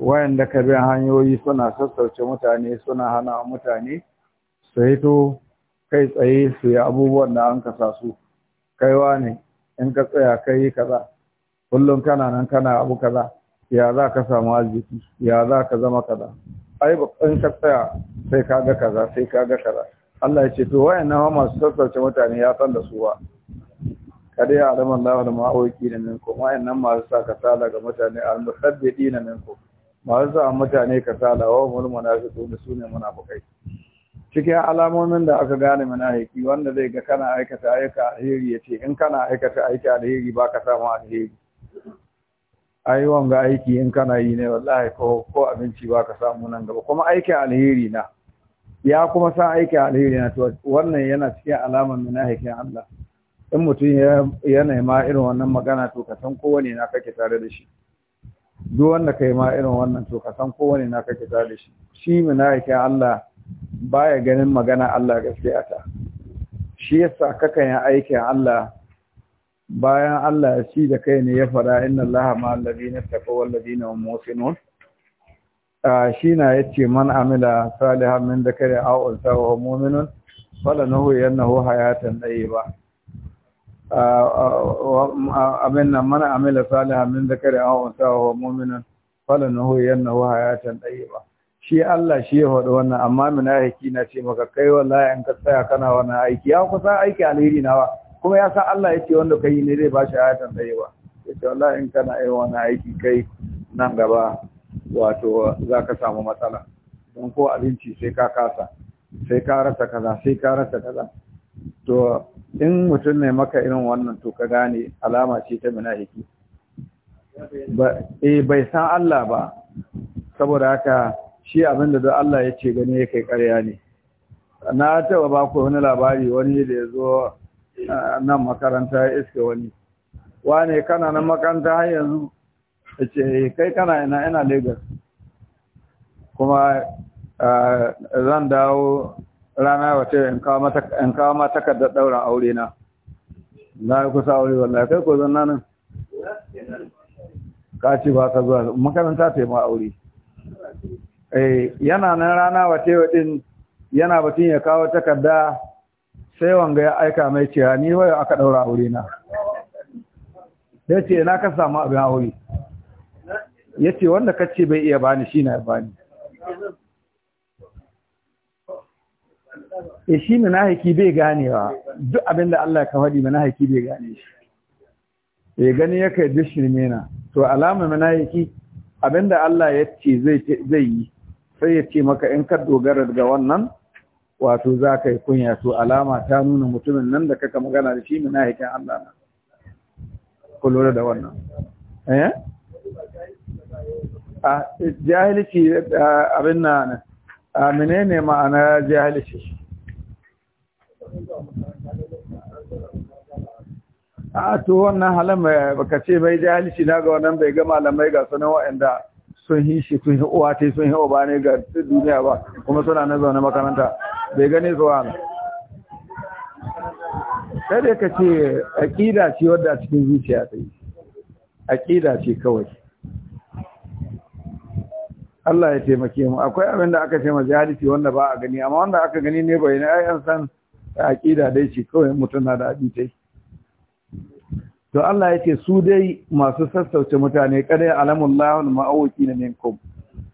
S1: wayanda ka bin hanyoyi suna sassauce mutane suna hana mutane su hito kai tsaye su yi abubuwan da an kasa su kaiwa ne in ka tsaya kai yi kaza kullum kana nan kana abu kaza ya za ka samu arziki ya za ka zama kaza ai in ka tsaya sai ka ga kaza sai ka ga kaza Allah ya ce to wayannan masu sassauce mutane ya san da su ba kada ya alama Allah da ma'auki na minku nan masu sa kasala ga mutane al-musaddidi na minku masu sa mutane kasala wa su ne muna sune munafikai cikin alamomin da aka gane munafiki wanda zai ga kana aikata aika alheri ya ce, in kana aikata aika alheri ba ka samu alheri ai wanga aiki in kana yi ne wallahi ko ko abinci ka samu nan gaba kuma aikin alheri na ya kuma sa aikin alheri na to wannan yana cikin alamar munafikin Allah in mutum ya nema irin wannan magana to ka san kowane na kake tare da shi duk wanda kai ma irin wannan to ka san kowane na kake tare da shi shi yake Allah baya ganin magana Allah gaskiya ta shi yasa kakan ya aikin Allah bayan Allah ya shi da kai ne ya fara inna Allah ma ladina taqaw wal ladina hum muhsinun shi na yace man amila salihan min dhakari aw unsa wa mu'minun falanahu yanahu hayatan tayyiba abin mana amila salihan min zakari aw wata wa mu'minun falanuhu yannahu hayatan ba. shi Allah shi ya faɗi wannan amma munafiki na ce maka kai wa in ka tsaya kana wani aiki ya kusa aiki alheri nawa kuma ya sa Allah ya ce wanda ka yi ne zai bashi hayatan tayyiba yace wallahi in kana yi wani aiki kai nan gaba wato za ka samu matsala don ko abinci sai ka kasa sai ka rasa kaza sai ka rasa kaza to in mutum ne maka irin wannan to ka gane alama ce ta munafiki ba eh bai san Allah ba saboda haka shi abinda da Allah ya ce gani yake ƙarya ne na taba ba ku wani labari wani da ya zo nan makaranta ya iske wani wane kana nan makaranta har yanzu ya ce eh, kai kana ina ina Legas. kuma zan dawo rana wace in kawo mata in daura aure na na kusa aure wallahi kai ko zan nanin. ka ci ba ta zuwa makaranta ta yi ma aure eh, yana nan rana wace waɗin yana batun ya kawo takarda sai wanga ya aika mai cewa ni wai aka daura aure na Ya ce na ka samu abin aure
S2: Ya ce wanda kacce
S1: bai iya bani shi na bani ya eh, shi munafiki bai ganewa duk abin da Allah ka faɗi munafiki bai gane shi ya eh, gani ya kai duk shirme na to alama munafiki abin da Allah ya ce zai yi sai ya ce maka in ka dogara daga wannan wato za ka yi kunya to alama ta nuna mutumin nan da kaka magana da shi munafikin Allah na ku lura da wannan eh? a ah, jahilci ah, abin na ah, menene ma'ana jahilci a to wannan halin baka ce bai jahilci na ga wannan bai ga malamai ga sunan wa'anda sun yi shi sun yi uwa ta sun yi uba ne ga duniya ba kuma suna na zaune makaranta bai gane zuwa na sai dai ka ce aƙida ce wadda cikin zuciya ta yi aƙida ce kawai Allah ya taimake mu akwai abin da aka ce ma jahilci wanda ba a gani amma wanda aka gani ne bai na ai an san aƙida dai ce kawai mutum na da yi. to Allah ya ce su dai masu sassauce mutane kada lahun ma'awuki na minkum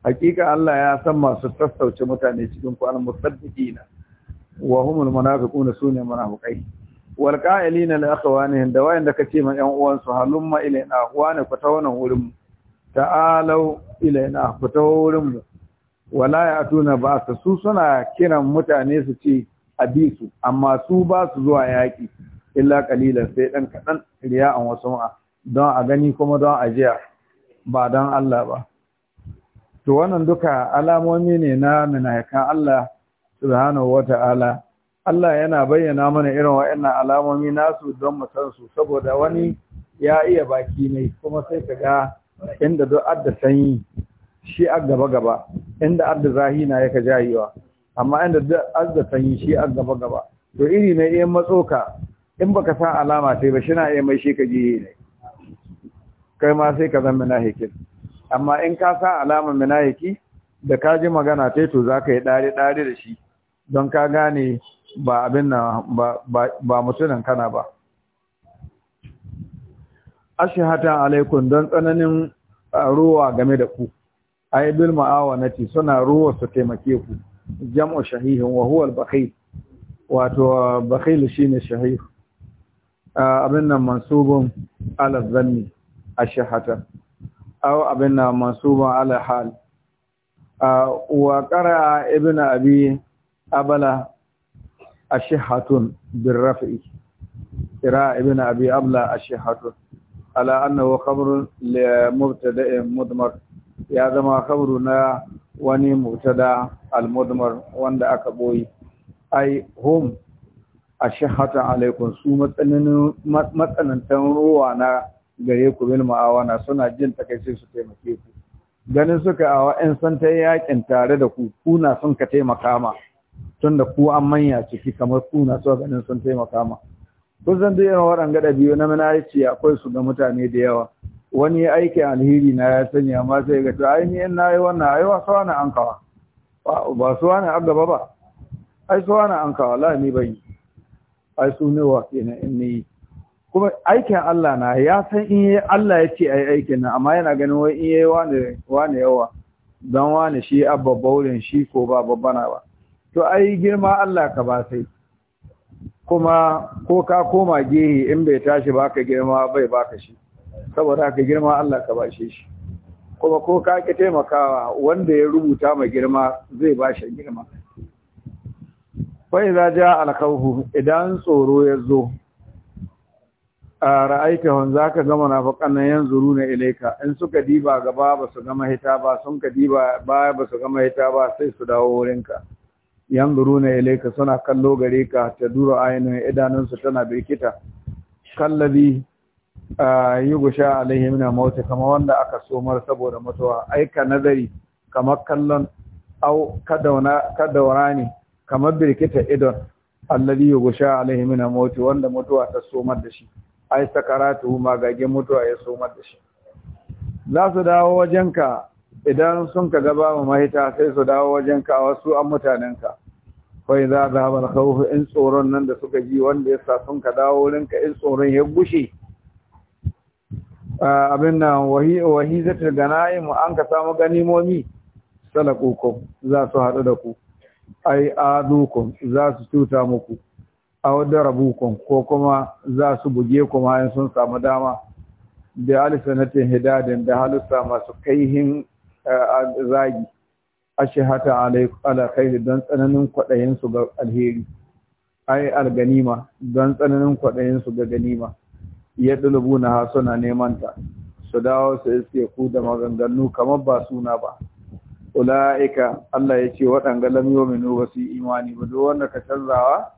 S1: hakika Allah ya san masu sassauce mutane cikin ku al na wa humul munafiquna sune munafiqai wal qa'ilina li akhwanihim da wayanda ce ma yan uwan su halumma ilaina wane ku ta wannan wurin mu ilaina ku ta wurin mu wala ya'tuna ba'sa su suna kiran mutane su ce a bi su amma su ba su zuwa yaƙi illa kalilan sai ɗan kaɗan an wasu ma'a don a gani kuma don a jiya ba don Allah ba to wannan duka alamomi ne na munafikan Allah subhanahu wata'ala Allah yana bayyana mana irin wa'annan alamomi nasu don mu san su saboda wani ya iya baki ne kuma sai ka ga inda duk adda sanyi shi a gaba gaba inda adda zahina na yaka jayewa amma inda duk azzatan yi shi an gaba gaba to iri ne iya matsoka in baka sa alama sai ba shina iya mai shi ka ji ne kai ma sai ka zama hikin amma in ka sa alama hiki da ka ji magana tai to zaka yi dare dare da shi don ka gane ba abin nan ba ba mutunan kana ba ashihata alaikum don tsananin ruwa game da ku ai bil ma'awanati suna ruwa su taimake ku jam'u shahihin wa huwa al-bakhil wato bakhil shine shahih abin nan mansubun ala zanni ashahata aw abin nan mansubun ala hal wa qara Ibn abi abala ashihatun birrafi qira ibnu abi abla ashihatun ala annahu khabrun li mubtada'in mudmar ya zama khabru na wani mutada almudmar wanda aka boye ai a ashahata alaikum su matsanantan ruwa na gare ku bil ma'awana suna jin takaice su taimake ku ganin suka a wa'in san ta yakin tare da ku kuna sun ka taimaka ma tunda ku an manya ciki kamar kuna so ganin sun taimaka ma kun san duk irin waɗanga da biyu na manayici akwai su ga mutane da yawa wani aiki alheri na ya sanya, amma sai ga to ai ni in nayi wannan ai wa na an kawa ba wani an gaba ba ai suwana an kawa la ni bai ai su ne wa kenan in ni kuma aikin Allah na ya san in yi Allah ya ce ai aikin nan amma yana ganin wai in yi wani wani yawa don wani shi abba baurin shi ko ba babbana ba to ai girma Allah ka ba sai kuma ko ka koma gehe in bai tashi baka girma bai baka shi saboda haka girma Allah ka bashe shi kuma ko ka ki taimakawa wanda ya rubuta ma girma zai bashi girma fa idza jaa al-khawfu idan tsoro ya zo a ra'aita hon zaka ga munafiqan nan yanzuruna ilayka in suka diba gaba ba su gama hita ba sun ka diba baya ba su gama hita ba sai su dawo wurinka yanzuruna ilayka suna kallo gare ka ta dura ainihin idanunsu tana birkita kallabi yi gusha alaihi mina mauti kama wanda aka somar saboda mutuwa aika nazari kamar kallon au kadaura ne kamar birkita idon alladhi yughsha alaihi min al-maut wanda mutuwa ta somar da shi ai sakaratu gage mutuwa ya somar da shi za su dawo wajenka idan sun ka gaba mahita sai su dawo wajenka wasu an mutanenka kai za zahaba al-khawf in tsoron nan da suka ji wanda yasa sun ka dawo wurinka in tsoron ya gushe Ah, abin nan wahi zata mu an ka samu ganimomi salakukum za su haɗu da ku ai adukum za su cuta muku aw ko kuma za su buge ku ma sun samu dama da alisanatin hidadin da halusa masu kaihin eh, zagi ashihata ala khairi don tsananin kwaɗayin su ga alheri ai alganima don tsananin kwaɗayin su ga ganima ya dulubu na haso na neman ta su dawo su iske ku da maganganu kamar ba suna ba ula'ika Allah ya ce waɗanga lamiyo yominu ba su imani ba duk wanda ka canzawa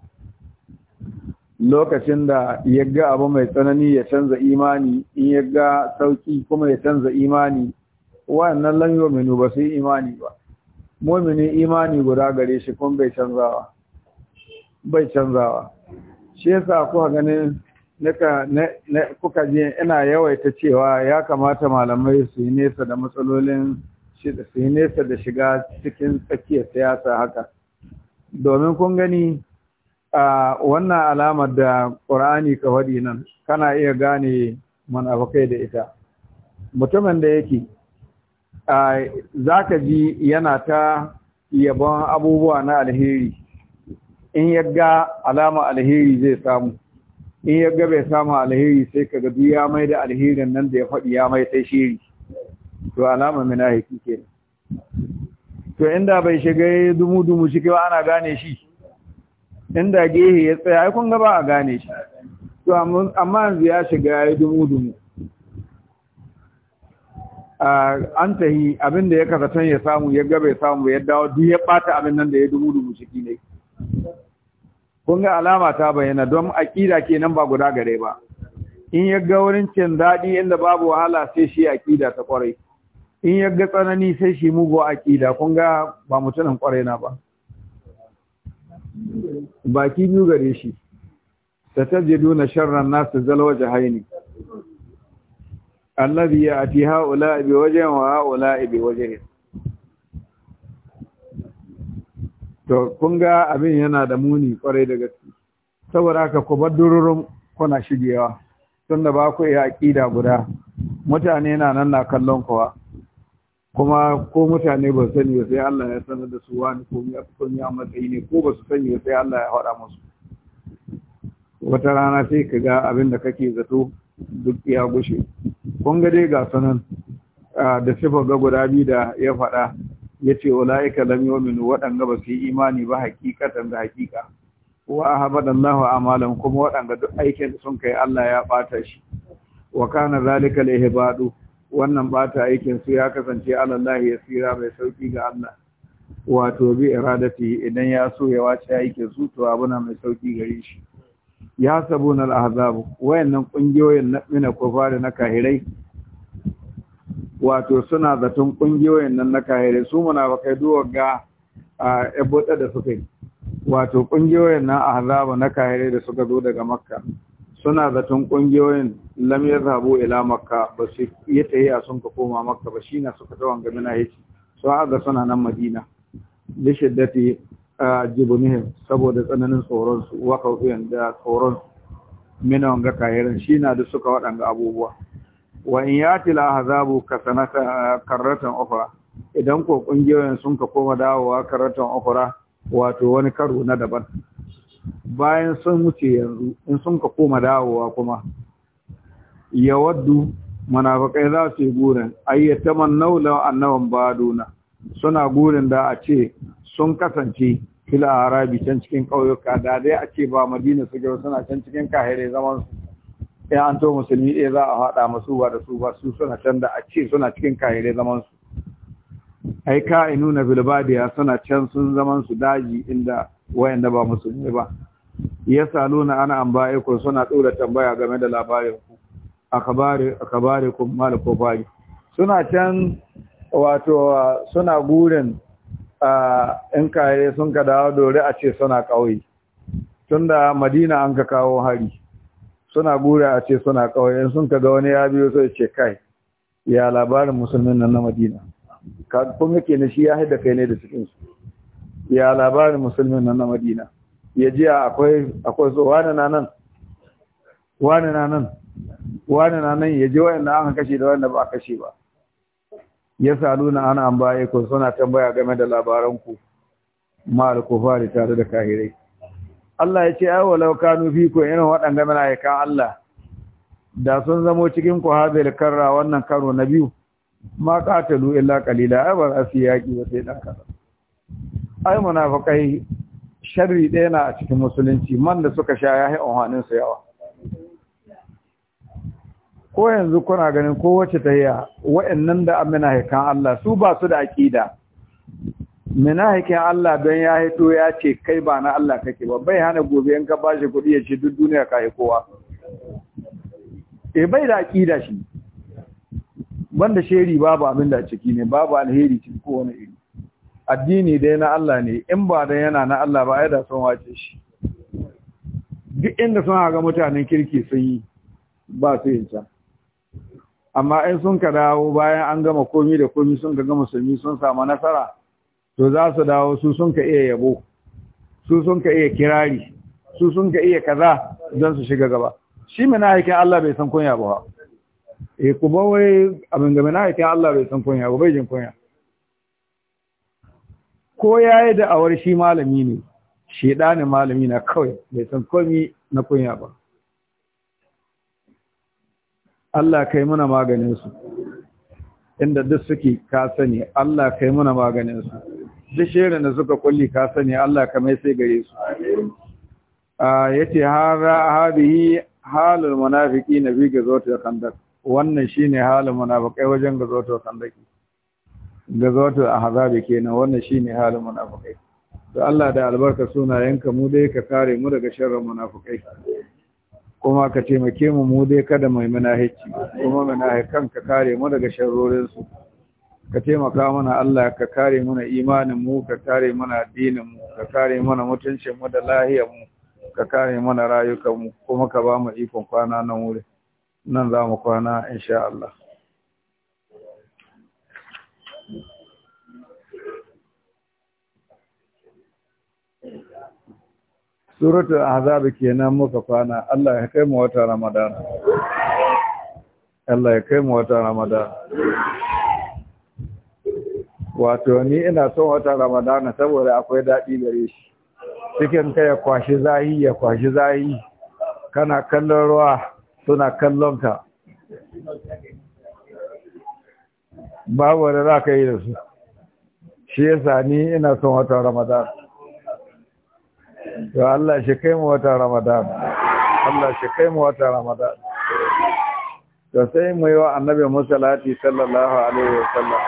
S1: lokacin da ya ga abu mai tsanani ya canza imani in ya ga sauki kuma ya canza imani wannan lamiyo yominu ba su imani ba mumini imani guda gare shi kun bai canzawa bai canzawa shi yasa ganin kuka je ina yawaita cewa ya kamata malamai su yi nesa da matsalolin su yi nesa da shiga cikin tsakiyar siyasa haka domin kun gani a wannan alamar da ƙur'ani ka faɗi nan kana iya gane manafakai da ita mutumin da yake za ka ji yana ta yabon abubuwa na alheri in ya ga alama alheri zai samu in ya ga bai samu alheri sai ka ga ya mai da alherin nan da ya faɗi ya mai sai shiri to alama munafiki kenan to inda bai shiga ya yi dumu dumu shi ba ana gane shi inda gehe ya tsaya ya kun ga ba a gane shi to amma yanzu ya shiga ya yi dumu dumu an tahi abin da ya can ya samu ya ga bai samu ya dawo duk ya bata abin nan da ya dumu dumu shi ne kun ga alama ta bayyana don aƙida kenan ba guda gare ba in ya ga wurin cin daɗi inda babu wahala sai shi aƙida ta ƙwarai in ya ga tsanani sai shi mugu aƙida kun ga ba mutumin ƙwarai na ba baki biyu gare shi ta tajidu duna sharran nasu zalwa jahaini allazi ya ati haula bi wajen wa haula bi wajen to kun ga abin yana da muni kwarai da gaske saboda haka ku bar dururun kuna shigewa da ba ku iya aƙida guda mutane na nan na kallon kowa kuma ko mutane ba sani ba sai Allah ya sanar da su wani ko ya ya matsayi ne ko ba su sani ba sai Allah ya haɗa masu? wata rana sai ka ga abin da kake zato duk ya gushe kun ga dai ga sanan ah, da sifa ga guda biyu da ya faɗa Ya yace ulaika lam yu'minu waɗanga ba su yi imani ba haƙiƙatan da haƙiƙa. wa a malam kuma waɗanga duk aikin sun kai Allah ya bata shi wa kana zalika lihbadu wannan bata aikin su ya kasance Allah ya tsira mai sauki ga Allah wato bi iradati idan ya so ya wace aikin su to abuna mai sauki gare shi ya sabuna al-ahzab wayannan ƙungiyoyin na mina da na kahirai wato suna zaton ƙungiyoyin nan na kahirai su muna kai duwa ga ebota da suka yi wato ƙungiyoyin na ahzaba na kahirai da suka zo daga makka suna zaton ƙungiyoyin lam yazhabu ila makka ba su yi a sun ka koma makka ba shine suka ta wanga mina yace su haga suna nan madina li shiddati jibunihim saboda tsananin tsoron su wa da tsoron mina wanga kahirin shi na da suka waɗanga abubuwa wa in ya la azabu ka sanata karratan ofura, idan ko kungiyoyin sun ka koma dawowa karratan ofura wato wani karo na daban bayan sun wuce yanzu in sun ka koma dawowa kuma ya waddu manafakai za su yi gurin ayyataman naula annawan baduna suna gurin da a ce sun kasance fil arabi can cikin ƙauyuka da dai a ce ba madina suke suna can cikin kahire zaman in an to musulmi ɗaya za a haɗa masu ba da su ba su suna can da a ce suna cikin kayayyar zaman su ai ka nuna bilbadiya suna can sun zaman su daji inda wayanda ba musulmi ba ya nuna ana ambaye ku suna tsoron tambaya game da labarin ku akabari akabari ku ko suna can wato suna gurin in kayayyar sun ka dawo dore a ce suna ƙauye tunda madina an ka kawo hari suna gura a ce suna ƙauye sun kaga wani ya biyo sai ce kai ya labarin musulmin nan na madina kun yake ne shi ya haida kai ne da cikinsu ya labarin musulmin nan na madina ya ji akwai akwai so wani na nan wani na nan wani na nan ya ji wayanda an kashe da wanda ba kashe ba ya saluna ana an baye ku suna tambaya game da labaranku ku mal kufari tare da kahirai Allah ya ce ai walau kanu fiku irin waɗanda malaika Allah da sun zamo cikin ku hazil karra wannan karo na biyu ma qatalu illa qalila ai ba su yaki ba sai dan kaza ai munafiqai sharri ɗaya na a cikin musulunci man da suka sha yahi ohanin su yawa ko yanzu kuna ganin ko kowace tahiya wa'annan da amina haikan Allah su ba su da aqida munahikin Allah don ya haito ya ce kai ba na Allah kake ba bai hana gobe in ka bashi kuɗi ya ce duk duniya ka yi kowa e bai da aƙida shi banda sheri babu abin da ciki ne babu alheri cikin kowane iri addini dai na Allah ne in ba da yana na Allah ba ai da son wace shi duk inda sun ga mutanen kirki sun yi ba su yin can, amma in sun ka dawo bayan an gama komi da komi sun ga gama musulmi sun samu nasara to za su dawo su sun ka iya yabo su sun ka iya kirari su sun ka iya kaza don su shiga gaba shi manahikin Allah bai san kunya ba e eh, kuma wai abin na manahikin Allah bai san kunya ba bai jin kunya ko ya da awar shi malami ne shi ne malami na kawai bai san komi na kunya ba Allah kai muna maganin su inda duk suke ka sani Allah kai muna maganin su duk shirin da suka kulli ka sani Allah ka mai sai gare su yace har hadihi halul munafiki na ga gazotul khandaq wannan shine halin munafiki wajen ga Ga khandaki gazotul ahzabi kenan wannan shine halin munafiki to Allah da albarka sunayenka mu dai ka kare mu daga sharrin munafiki kuma ka taimake mu mu dai kada mai munafici kuma munafikan ka kare mu daga sharrorin su ka taimaka mana Allah ka kare mana imanin mu ka kare mana addinin mu ka kare mana mutuncin mu da lahiyar mu ka kare mana rayukan mu kuma ka ba mu ikon kwana nan wuri nan za mu kwana insha Allah suratul ahzab kenan muka kwana Allah ya kai mu wata ramadan Allah ya kai mu wata ramadan wato ni ina son wata ramadana saboda akwai
S2: daɗi gare shi
S1: cikin ka ya kwashi zahi ya kwashi zahi kana kallon ruwa suna kallon ka babu wani za ka yi da su shi yasa ni ina son wata ramadana to Allah shi kai mu wata ramadana Allah shi kai mu wata ramadana to sai mu yi wa annabi musallati sallallahu alaihi wasallam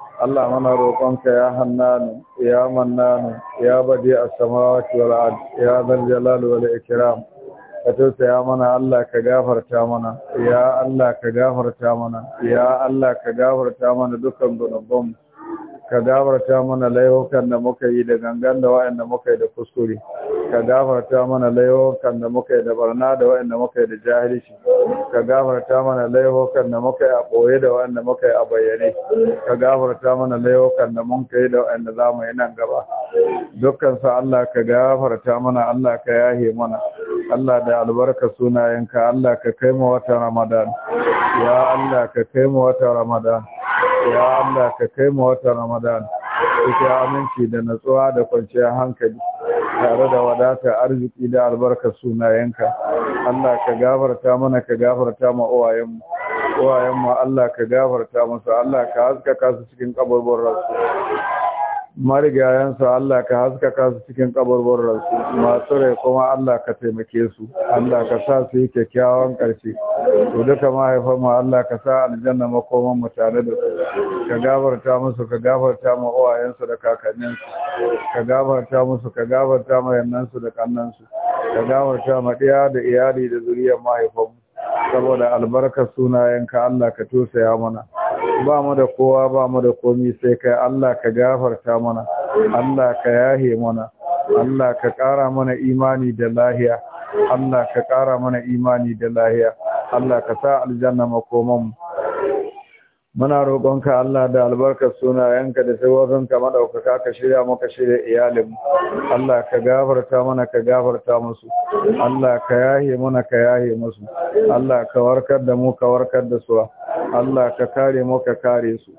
S1: Allah mana roƙonka ya hannanu ya mannanu ya bade a samawaki wal ya zan jalal wal ikram ka tausaya mana Allah ka gafarta mana ya Allah ka gafarta mana ya Allah ka gafarta mana dukkan zunubanmu ka gafarta mana laifukan da muka yi da gangan da da muka yi da kuskure ka gafarta mana laifukan da muka yi da barna da da muka yi da jahilci ka gafarta mana laifukan da muka yi a ɓoye da da muka yi a bayyane ka gafarta mana laifukan da mun yi da waɗanda za mu yi nan gaba dukkan sa Allah ka gafarta mana Allah ka yahe mana Allah da albarka sunayenka Allah ka kai mu wata Ramadan ya Allah ka kai mu wata Ramadan ya Allah ka kai mu wata Ramadan ramadan cikin aminci da natsuwa da kwanciyar hankali tare da wadatar arziki da albarkar sunayenka Allah ka gafarta mana ka gafarta ma uwayenmu uwayenmu Allah ka gafarta musu Allah ka haskaka su cikin kaburburan rasu. marigayansu Allah ka haskaka su cikin rasu masu rai kuma Allah ka taimake su Allah ka sa su yi kyakkyawan ƙarshe to duka mahaifan mu Allah ka sa aljanna makoman mutane da su ka gabarta musu ka gabarta ma uwayensu da kakanninsu ka gabarta musu ka gabarta ma yannansu da kannansu ka gabarta ma ɗiya da iyali da zuriyar mahaifan mu saboda albarkar sunayenka Allah ka ya mana ba mu da kowa ba mu da komi sai kai Allah ka gafarta mana Allah ka yahe mana Allah ka ƙara mana imani da lahiya Allah ka ƙara mana imani da lahiya Allah ka sa aljanna makomanmu. muna roƙonka Allah da albarkar sunayenka da sababanka madaukaka ka shirya maka shirya iyalin Allah ka gafarta mana ka gafarta musu Allah ka yahe mana ka yahe musu Allah ka warkar da mu ka warkar da su Allah ka kare mu ka kare su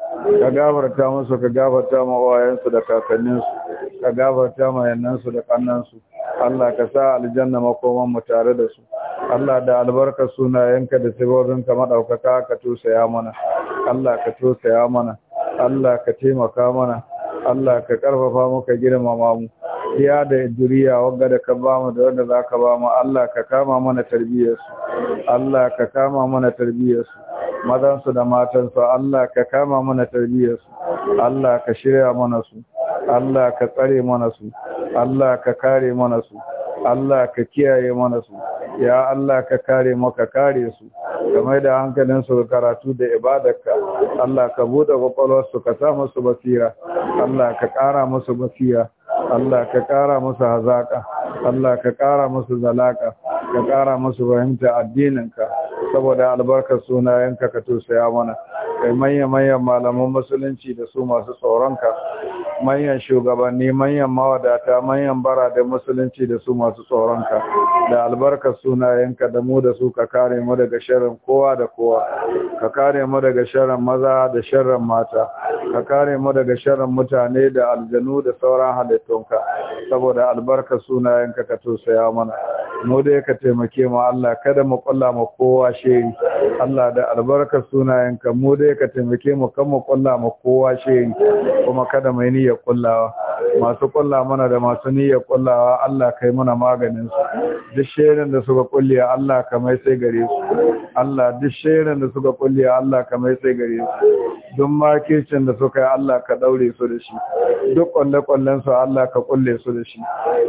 S1: ka gafarta musu ka gafarta ma wayansu da kakanninsu ka gafarta ma yannansu da kannansu Allah ka sa aljanna makoman mu tare da su Allah da albarkar sunayenka da sabobinka madaukaka ka ya mana Allah ka ya mana Allah ka taimaka mana Allah ka karfafa mu ka girmama mu iya da duriya wanda da ka ba mu da wanda za ka ba mu Allah ka kama mana tarbiyyar su. Allah ka kama mana tarbiyyar tarbiyyarsu mazansu da matansu Allah ka kama mana tarbiyyar su. Allah ka shirya mana su Allah ka tsare mana su Allah ka kare mana su Allah ka kiyaye mana su ya Allah ka kare maka kare su kamar da hankalin su karatu da ibadarka Allah ka buɗe kwakwalwar su ka sa musu basira Allah ka kara musu basira Allah ka ƙara musu hazaƙa, Allah ka ƙara musu zalaƙa, ka ƙara musu fahimta addininka, saboda albarkar sunayenka ka tosaya mana, kai manya-manyan malaman musulunci da su masu tsoronka, manyan shugabanni manyan mawadata manyan bara da musulunci da su masu tsoronka da albarkar sunayenka da mu da su ka kare mu daga sharrin kowa da kowa ka kare mu daga sharrin maza da sharrin mata ka kare mu daga sharrin mutane da aljanu da sauran halittunka saboda albarkar sunayenka ka tosaya mana mu dai ka taimake mu Allah kada mu kulla mu kowa shehi Allah da albarkar sunayenka mu dai ka taimake mu kan mu kulla mu kowa shehi kuma kada mai niyya niyyar kullawa masu kulla mana da masu niyyar kullawa Allah kai mana maganin su duk shirin da suka kulliya Allah ka mai sai gare su Allah duk shirin da suka kulliya Allah ka mai sai gare su duk makircin da suka yi Allah ka daure su da shi duk kwalle kwallen su Allah ka kulle su da shi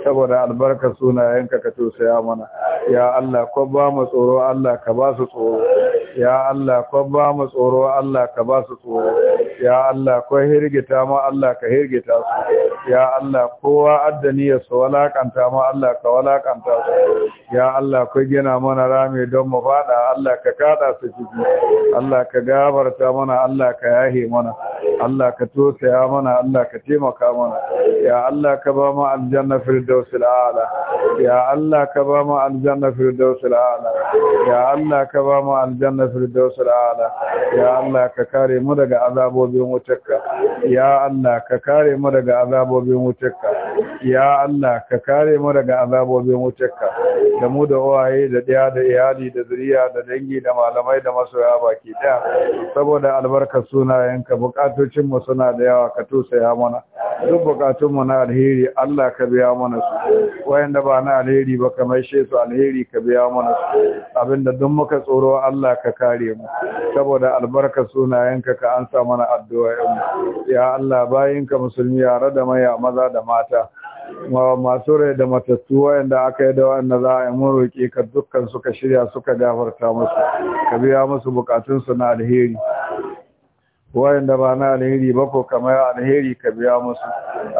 S1: saboda suna yanka ka tausaya mana ya Allah ko ba mu tsoro Allah ka ba su tsoro ya Allah ko ba mu tsoro Allah ka ba su tsoro ya Allah ko hirgita mu Allah ka hirgita firgita
S2: su ya
S1: Allah kowa addani ya su walakanta ma Allah ka walakanta su ya Allah ku gina mana rami don mu fada Allah ka kada su ciki Allah ka gabarta mana Allah ka yahe mana Allah ka tosaya mana Allah ka taimaka mana ya Allah ka ba mu aljanna firdausul a'la ya Allah ka ba mu aljanna firdausul a'la ya Allah ka ba mu aljanna firdausul
S2: a'la ya
S1: Allah ka kare mu daga azabobin wutarka ya Allah ka kare kare mu daga azabobin wutarka ya Allah ka kare mu daga azabobin wutarka da mu da uwaye da ɗaya da iyali da zuriya da dangi da malamai da masoya baki ɗaya saboda albarkar sunayenka bukatocin mu suna da yawa ka tusaya mana duk bukatun mu na alheri Allah ka biya mana su wayanda ba na alheri ba ka maishe su alheri ka biya mana su abinda duk muka tsoro Allah ka kare mu saboda albarkar sunayenka ka ansa mana addu'a ya Allah bayinka musulmi yare da maya maza da mata masu rai da matattu wayanda aka yi da wayanda za a yi mun ka dukkan suka shirya suka gafarta musu ka biya musu bukatunsu na alheri wayanda ba na alheri ba ko kamar alheri ka biya musu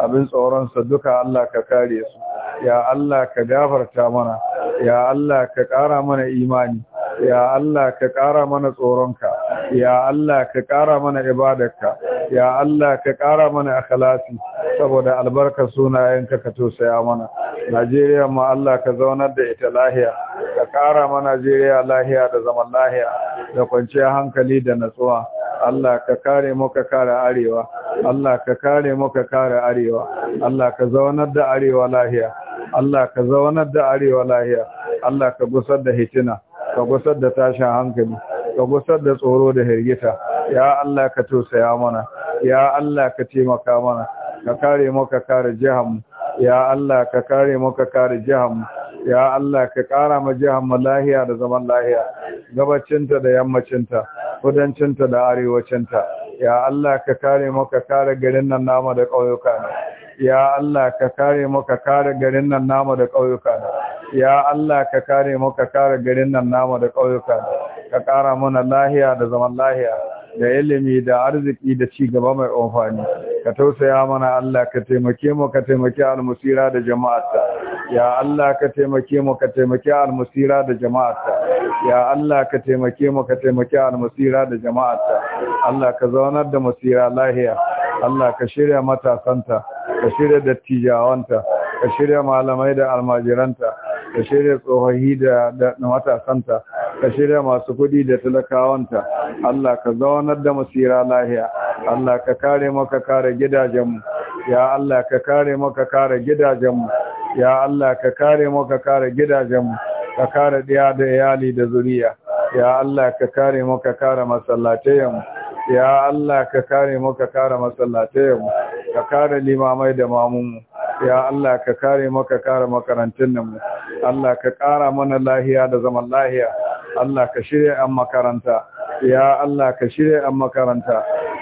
S1: abin tsoron tsoronsa duka Allah ka kare su ya Allah ka gafarta mana ya Allah ka ƙara mana imani ya Allah ka ƙara mana tsoronka ya Allah ka ƙara mana ibadarka ya Allah ka ƙara mana akhlasi saboda albarkar sunayenka ka tosaya mana Najeriya ma Allah ka zaunar da ita lahiya ka ƙara mana Najeriya lahiya da zaman lahiya da kwanciyar hankali da natsuwa Allah ka kare mu ka kare arewa Allah ka kare mu ka kare arewa Allah ka zaunar da arewa lahiya Allah ka zaunar da arewa lahiya Allah ka gusar da hitina ka gusar da tashin hankali ka gusar da tsoro da hirgita ya Allah ka tausaya mana ya Allah ka taimaka mana ka kare mu ka kare jihar ya Allah ka kare mu ka kare jihar ya Allah ka ƙara ma jihar lahiya da zaman lahiya gabacinta da yammacinta kudancinta da arewacinta ya Allah ka kare mu ka kare garin nan nama da ƙauyuka ya Allah ka kare mu ka kare garin nan namu da ƙauyuka ya Allah ka kare mu ka kare garin nan namu da ƙauyuka ka kara mana lahiya da zaman lahiya da ilimi da arziki da ci gaba mai amfani ka tausaya mana Allah ka taimake mu ka taimake al-musira da jama'arta ya Allah ka taimake mu ka taimake al-musira da jama'arta ya Allah ka taimake mu ka taimake al-musira da jama'arta Allah ka zaunar da musira lahiya Allah ka shirya matasanta ka shirya dattijawanta ka shirya malamai da almajiranta ka shirya tsohahi da matasanta ka shirya masu kudi da talakawanta Allah ka zaunar da masira lahiya Allah ka kare maka kare gidajenmu ya Allah ka kare maka kare gidajenmu ya Allah ka kare maka kare gidajenmu ka kare ɗaya da iyali da zuriya ya Allah ka kare maka kare masallatayenmu ya Allah ka kare mu ka kare masallatai mu ka kare limamai da mamun mu ya Allah ka kare mu ka kare makarantun mu Allah ka kara mana lahiya da zaman lahiya Allah ka shirya an makaranta ya Allah ka shirya an makaranta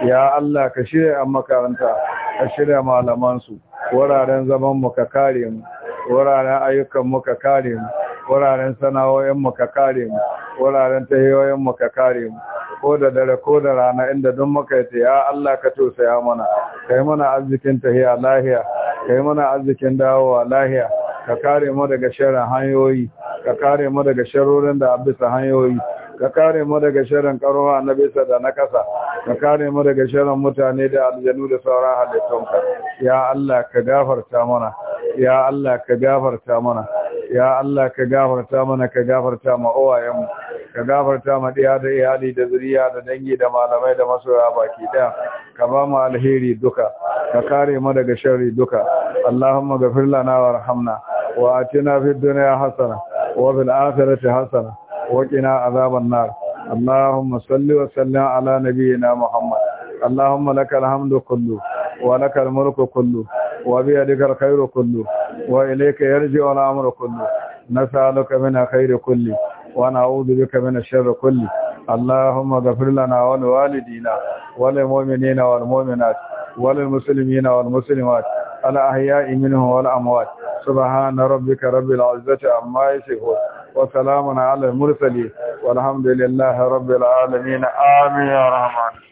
S1: ya Allah ka shirya an makaranta ka shirya malaman su wuraren zaman mu ka kare mu wuraren ayyukan mu ka kare mu wuraren sana'o'in mu ka kare mu wuraren tahiyoyin mu ka kare mu ko da dare ko da rana inda don muka yi ya Allah ka tausaya mana ka yi mana arzikin tahiya lahiya ka yi mana arzikin dawowa lahiya ka kare mu daga sharrin hanyoyi ka kare mu daga sharorin da abisa hanyoyi ka kare mu daga shirin karuwa na bisa da na kasa ka kare mu daga shirin mutane da aljanu da sauran halittunka ya Allah ka gafarta mana ya Allah ka gafarta mana ya Allah ka gafarta mana ka gafarta ma mu ka gafarta ma ɗiya da iyali da zuriya da dangi da malamai da masoya baki daya ka ba mu alheri duka ka kare mu daga sharri duka Allahumma ghafir lana warhamna wa atina fid dunya hasana wa fil akhirati hasana وقنا عذاب النار اللهم صل وسلم على نبينا محمد اللهم لك الحمد كله ولك الملك كله وبيدك الخير كله وإليك يرجع الأمر كله نسألك من خير كله ونعوذ بك من الشر كله اللهم اغفر لنا ولوالدينا وللمؤمنين والمؤمنات وللمسلمين والمسلمات الأحياء منهم والأموات سبحان ربك رب العزة عما يصفون وسلام على المرسلين والحمد لله رب العالمين
S2: آمين يا رحمن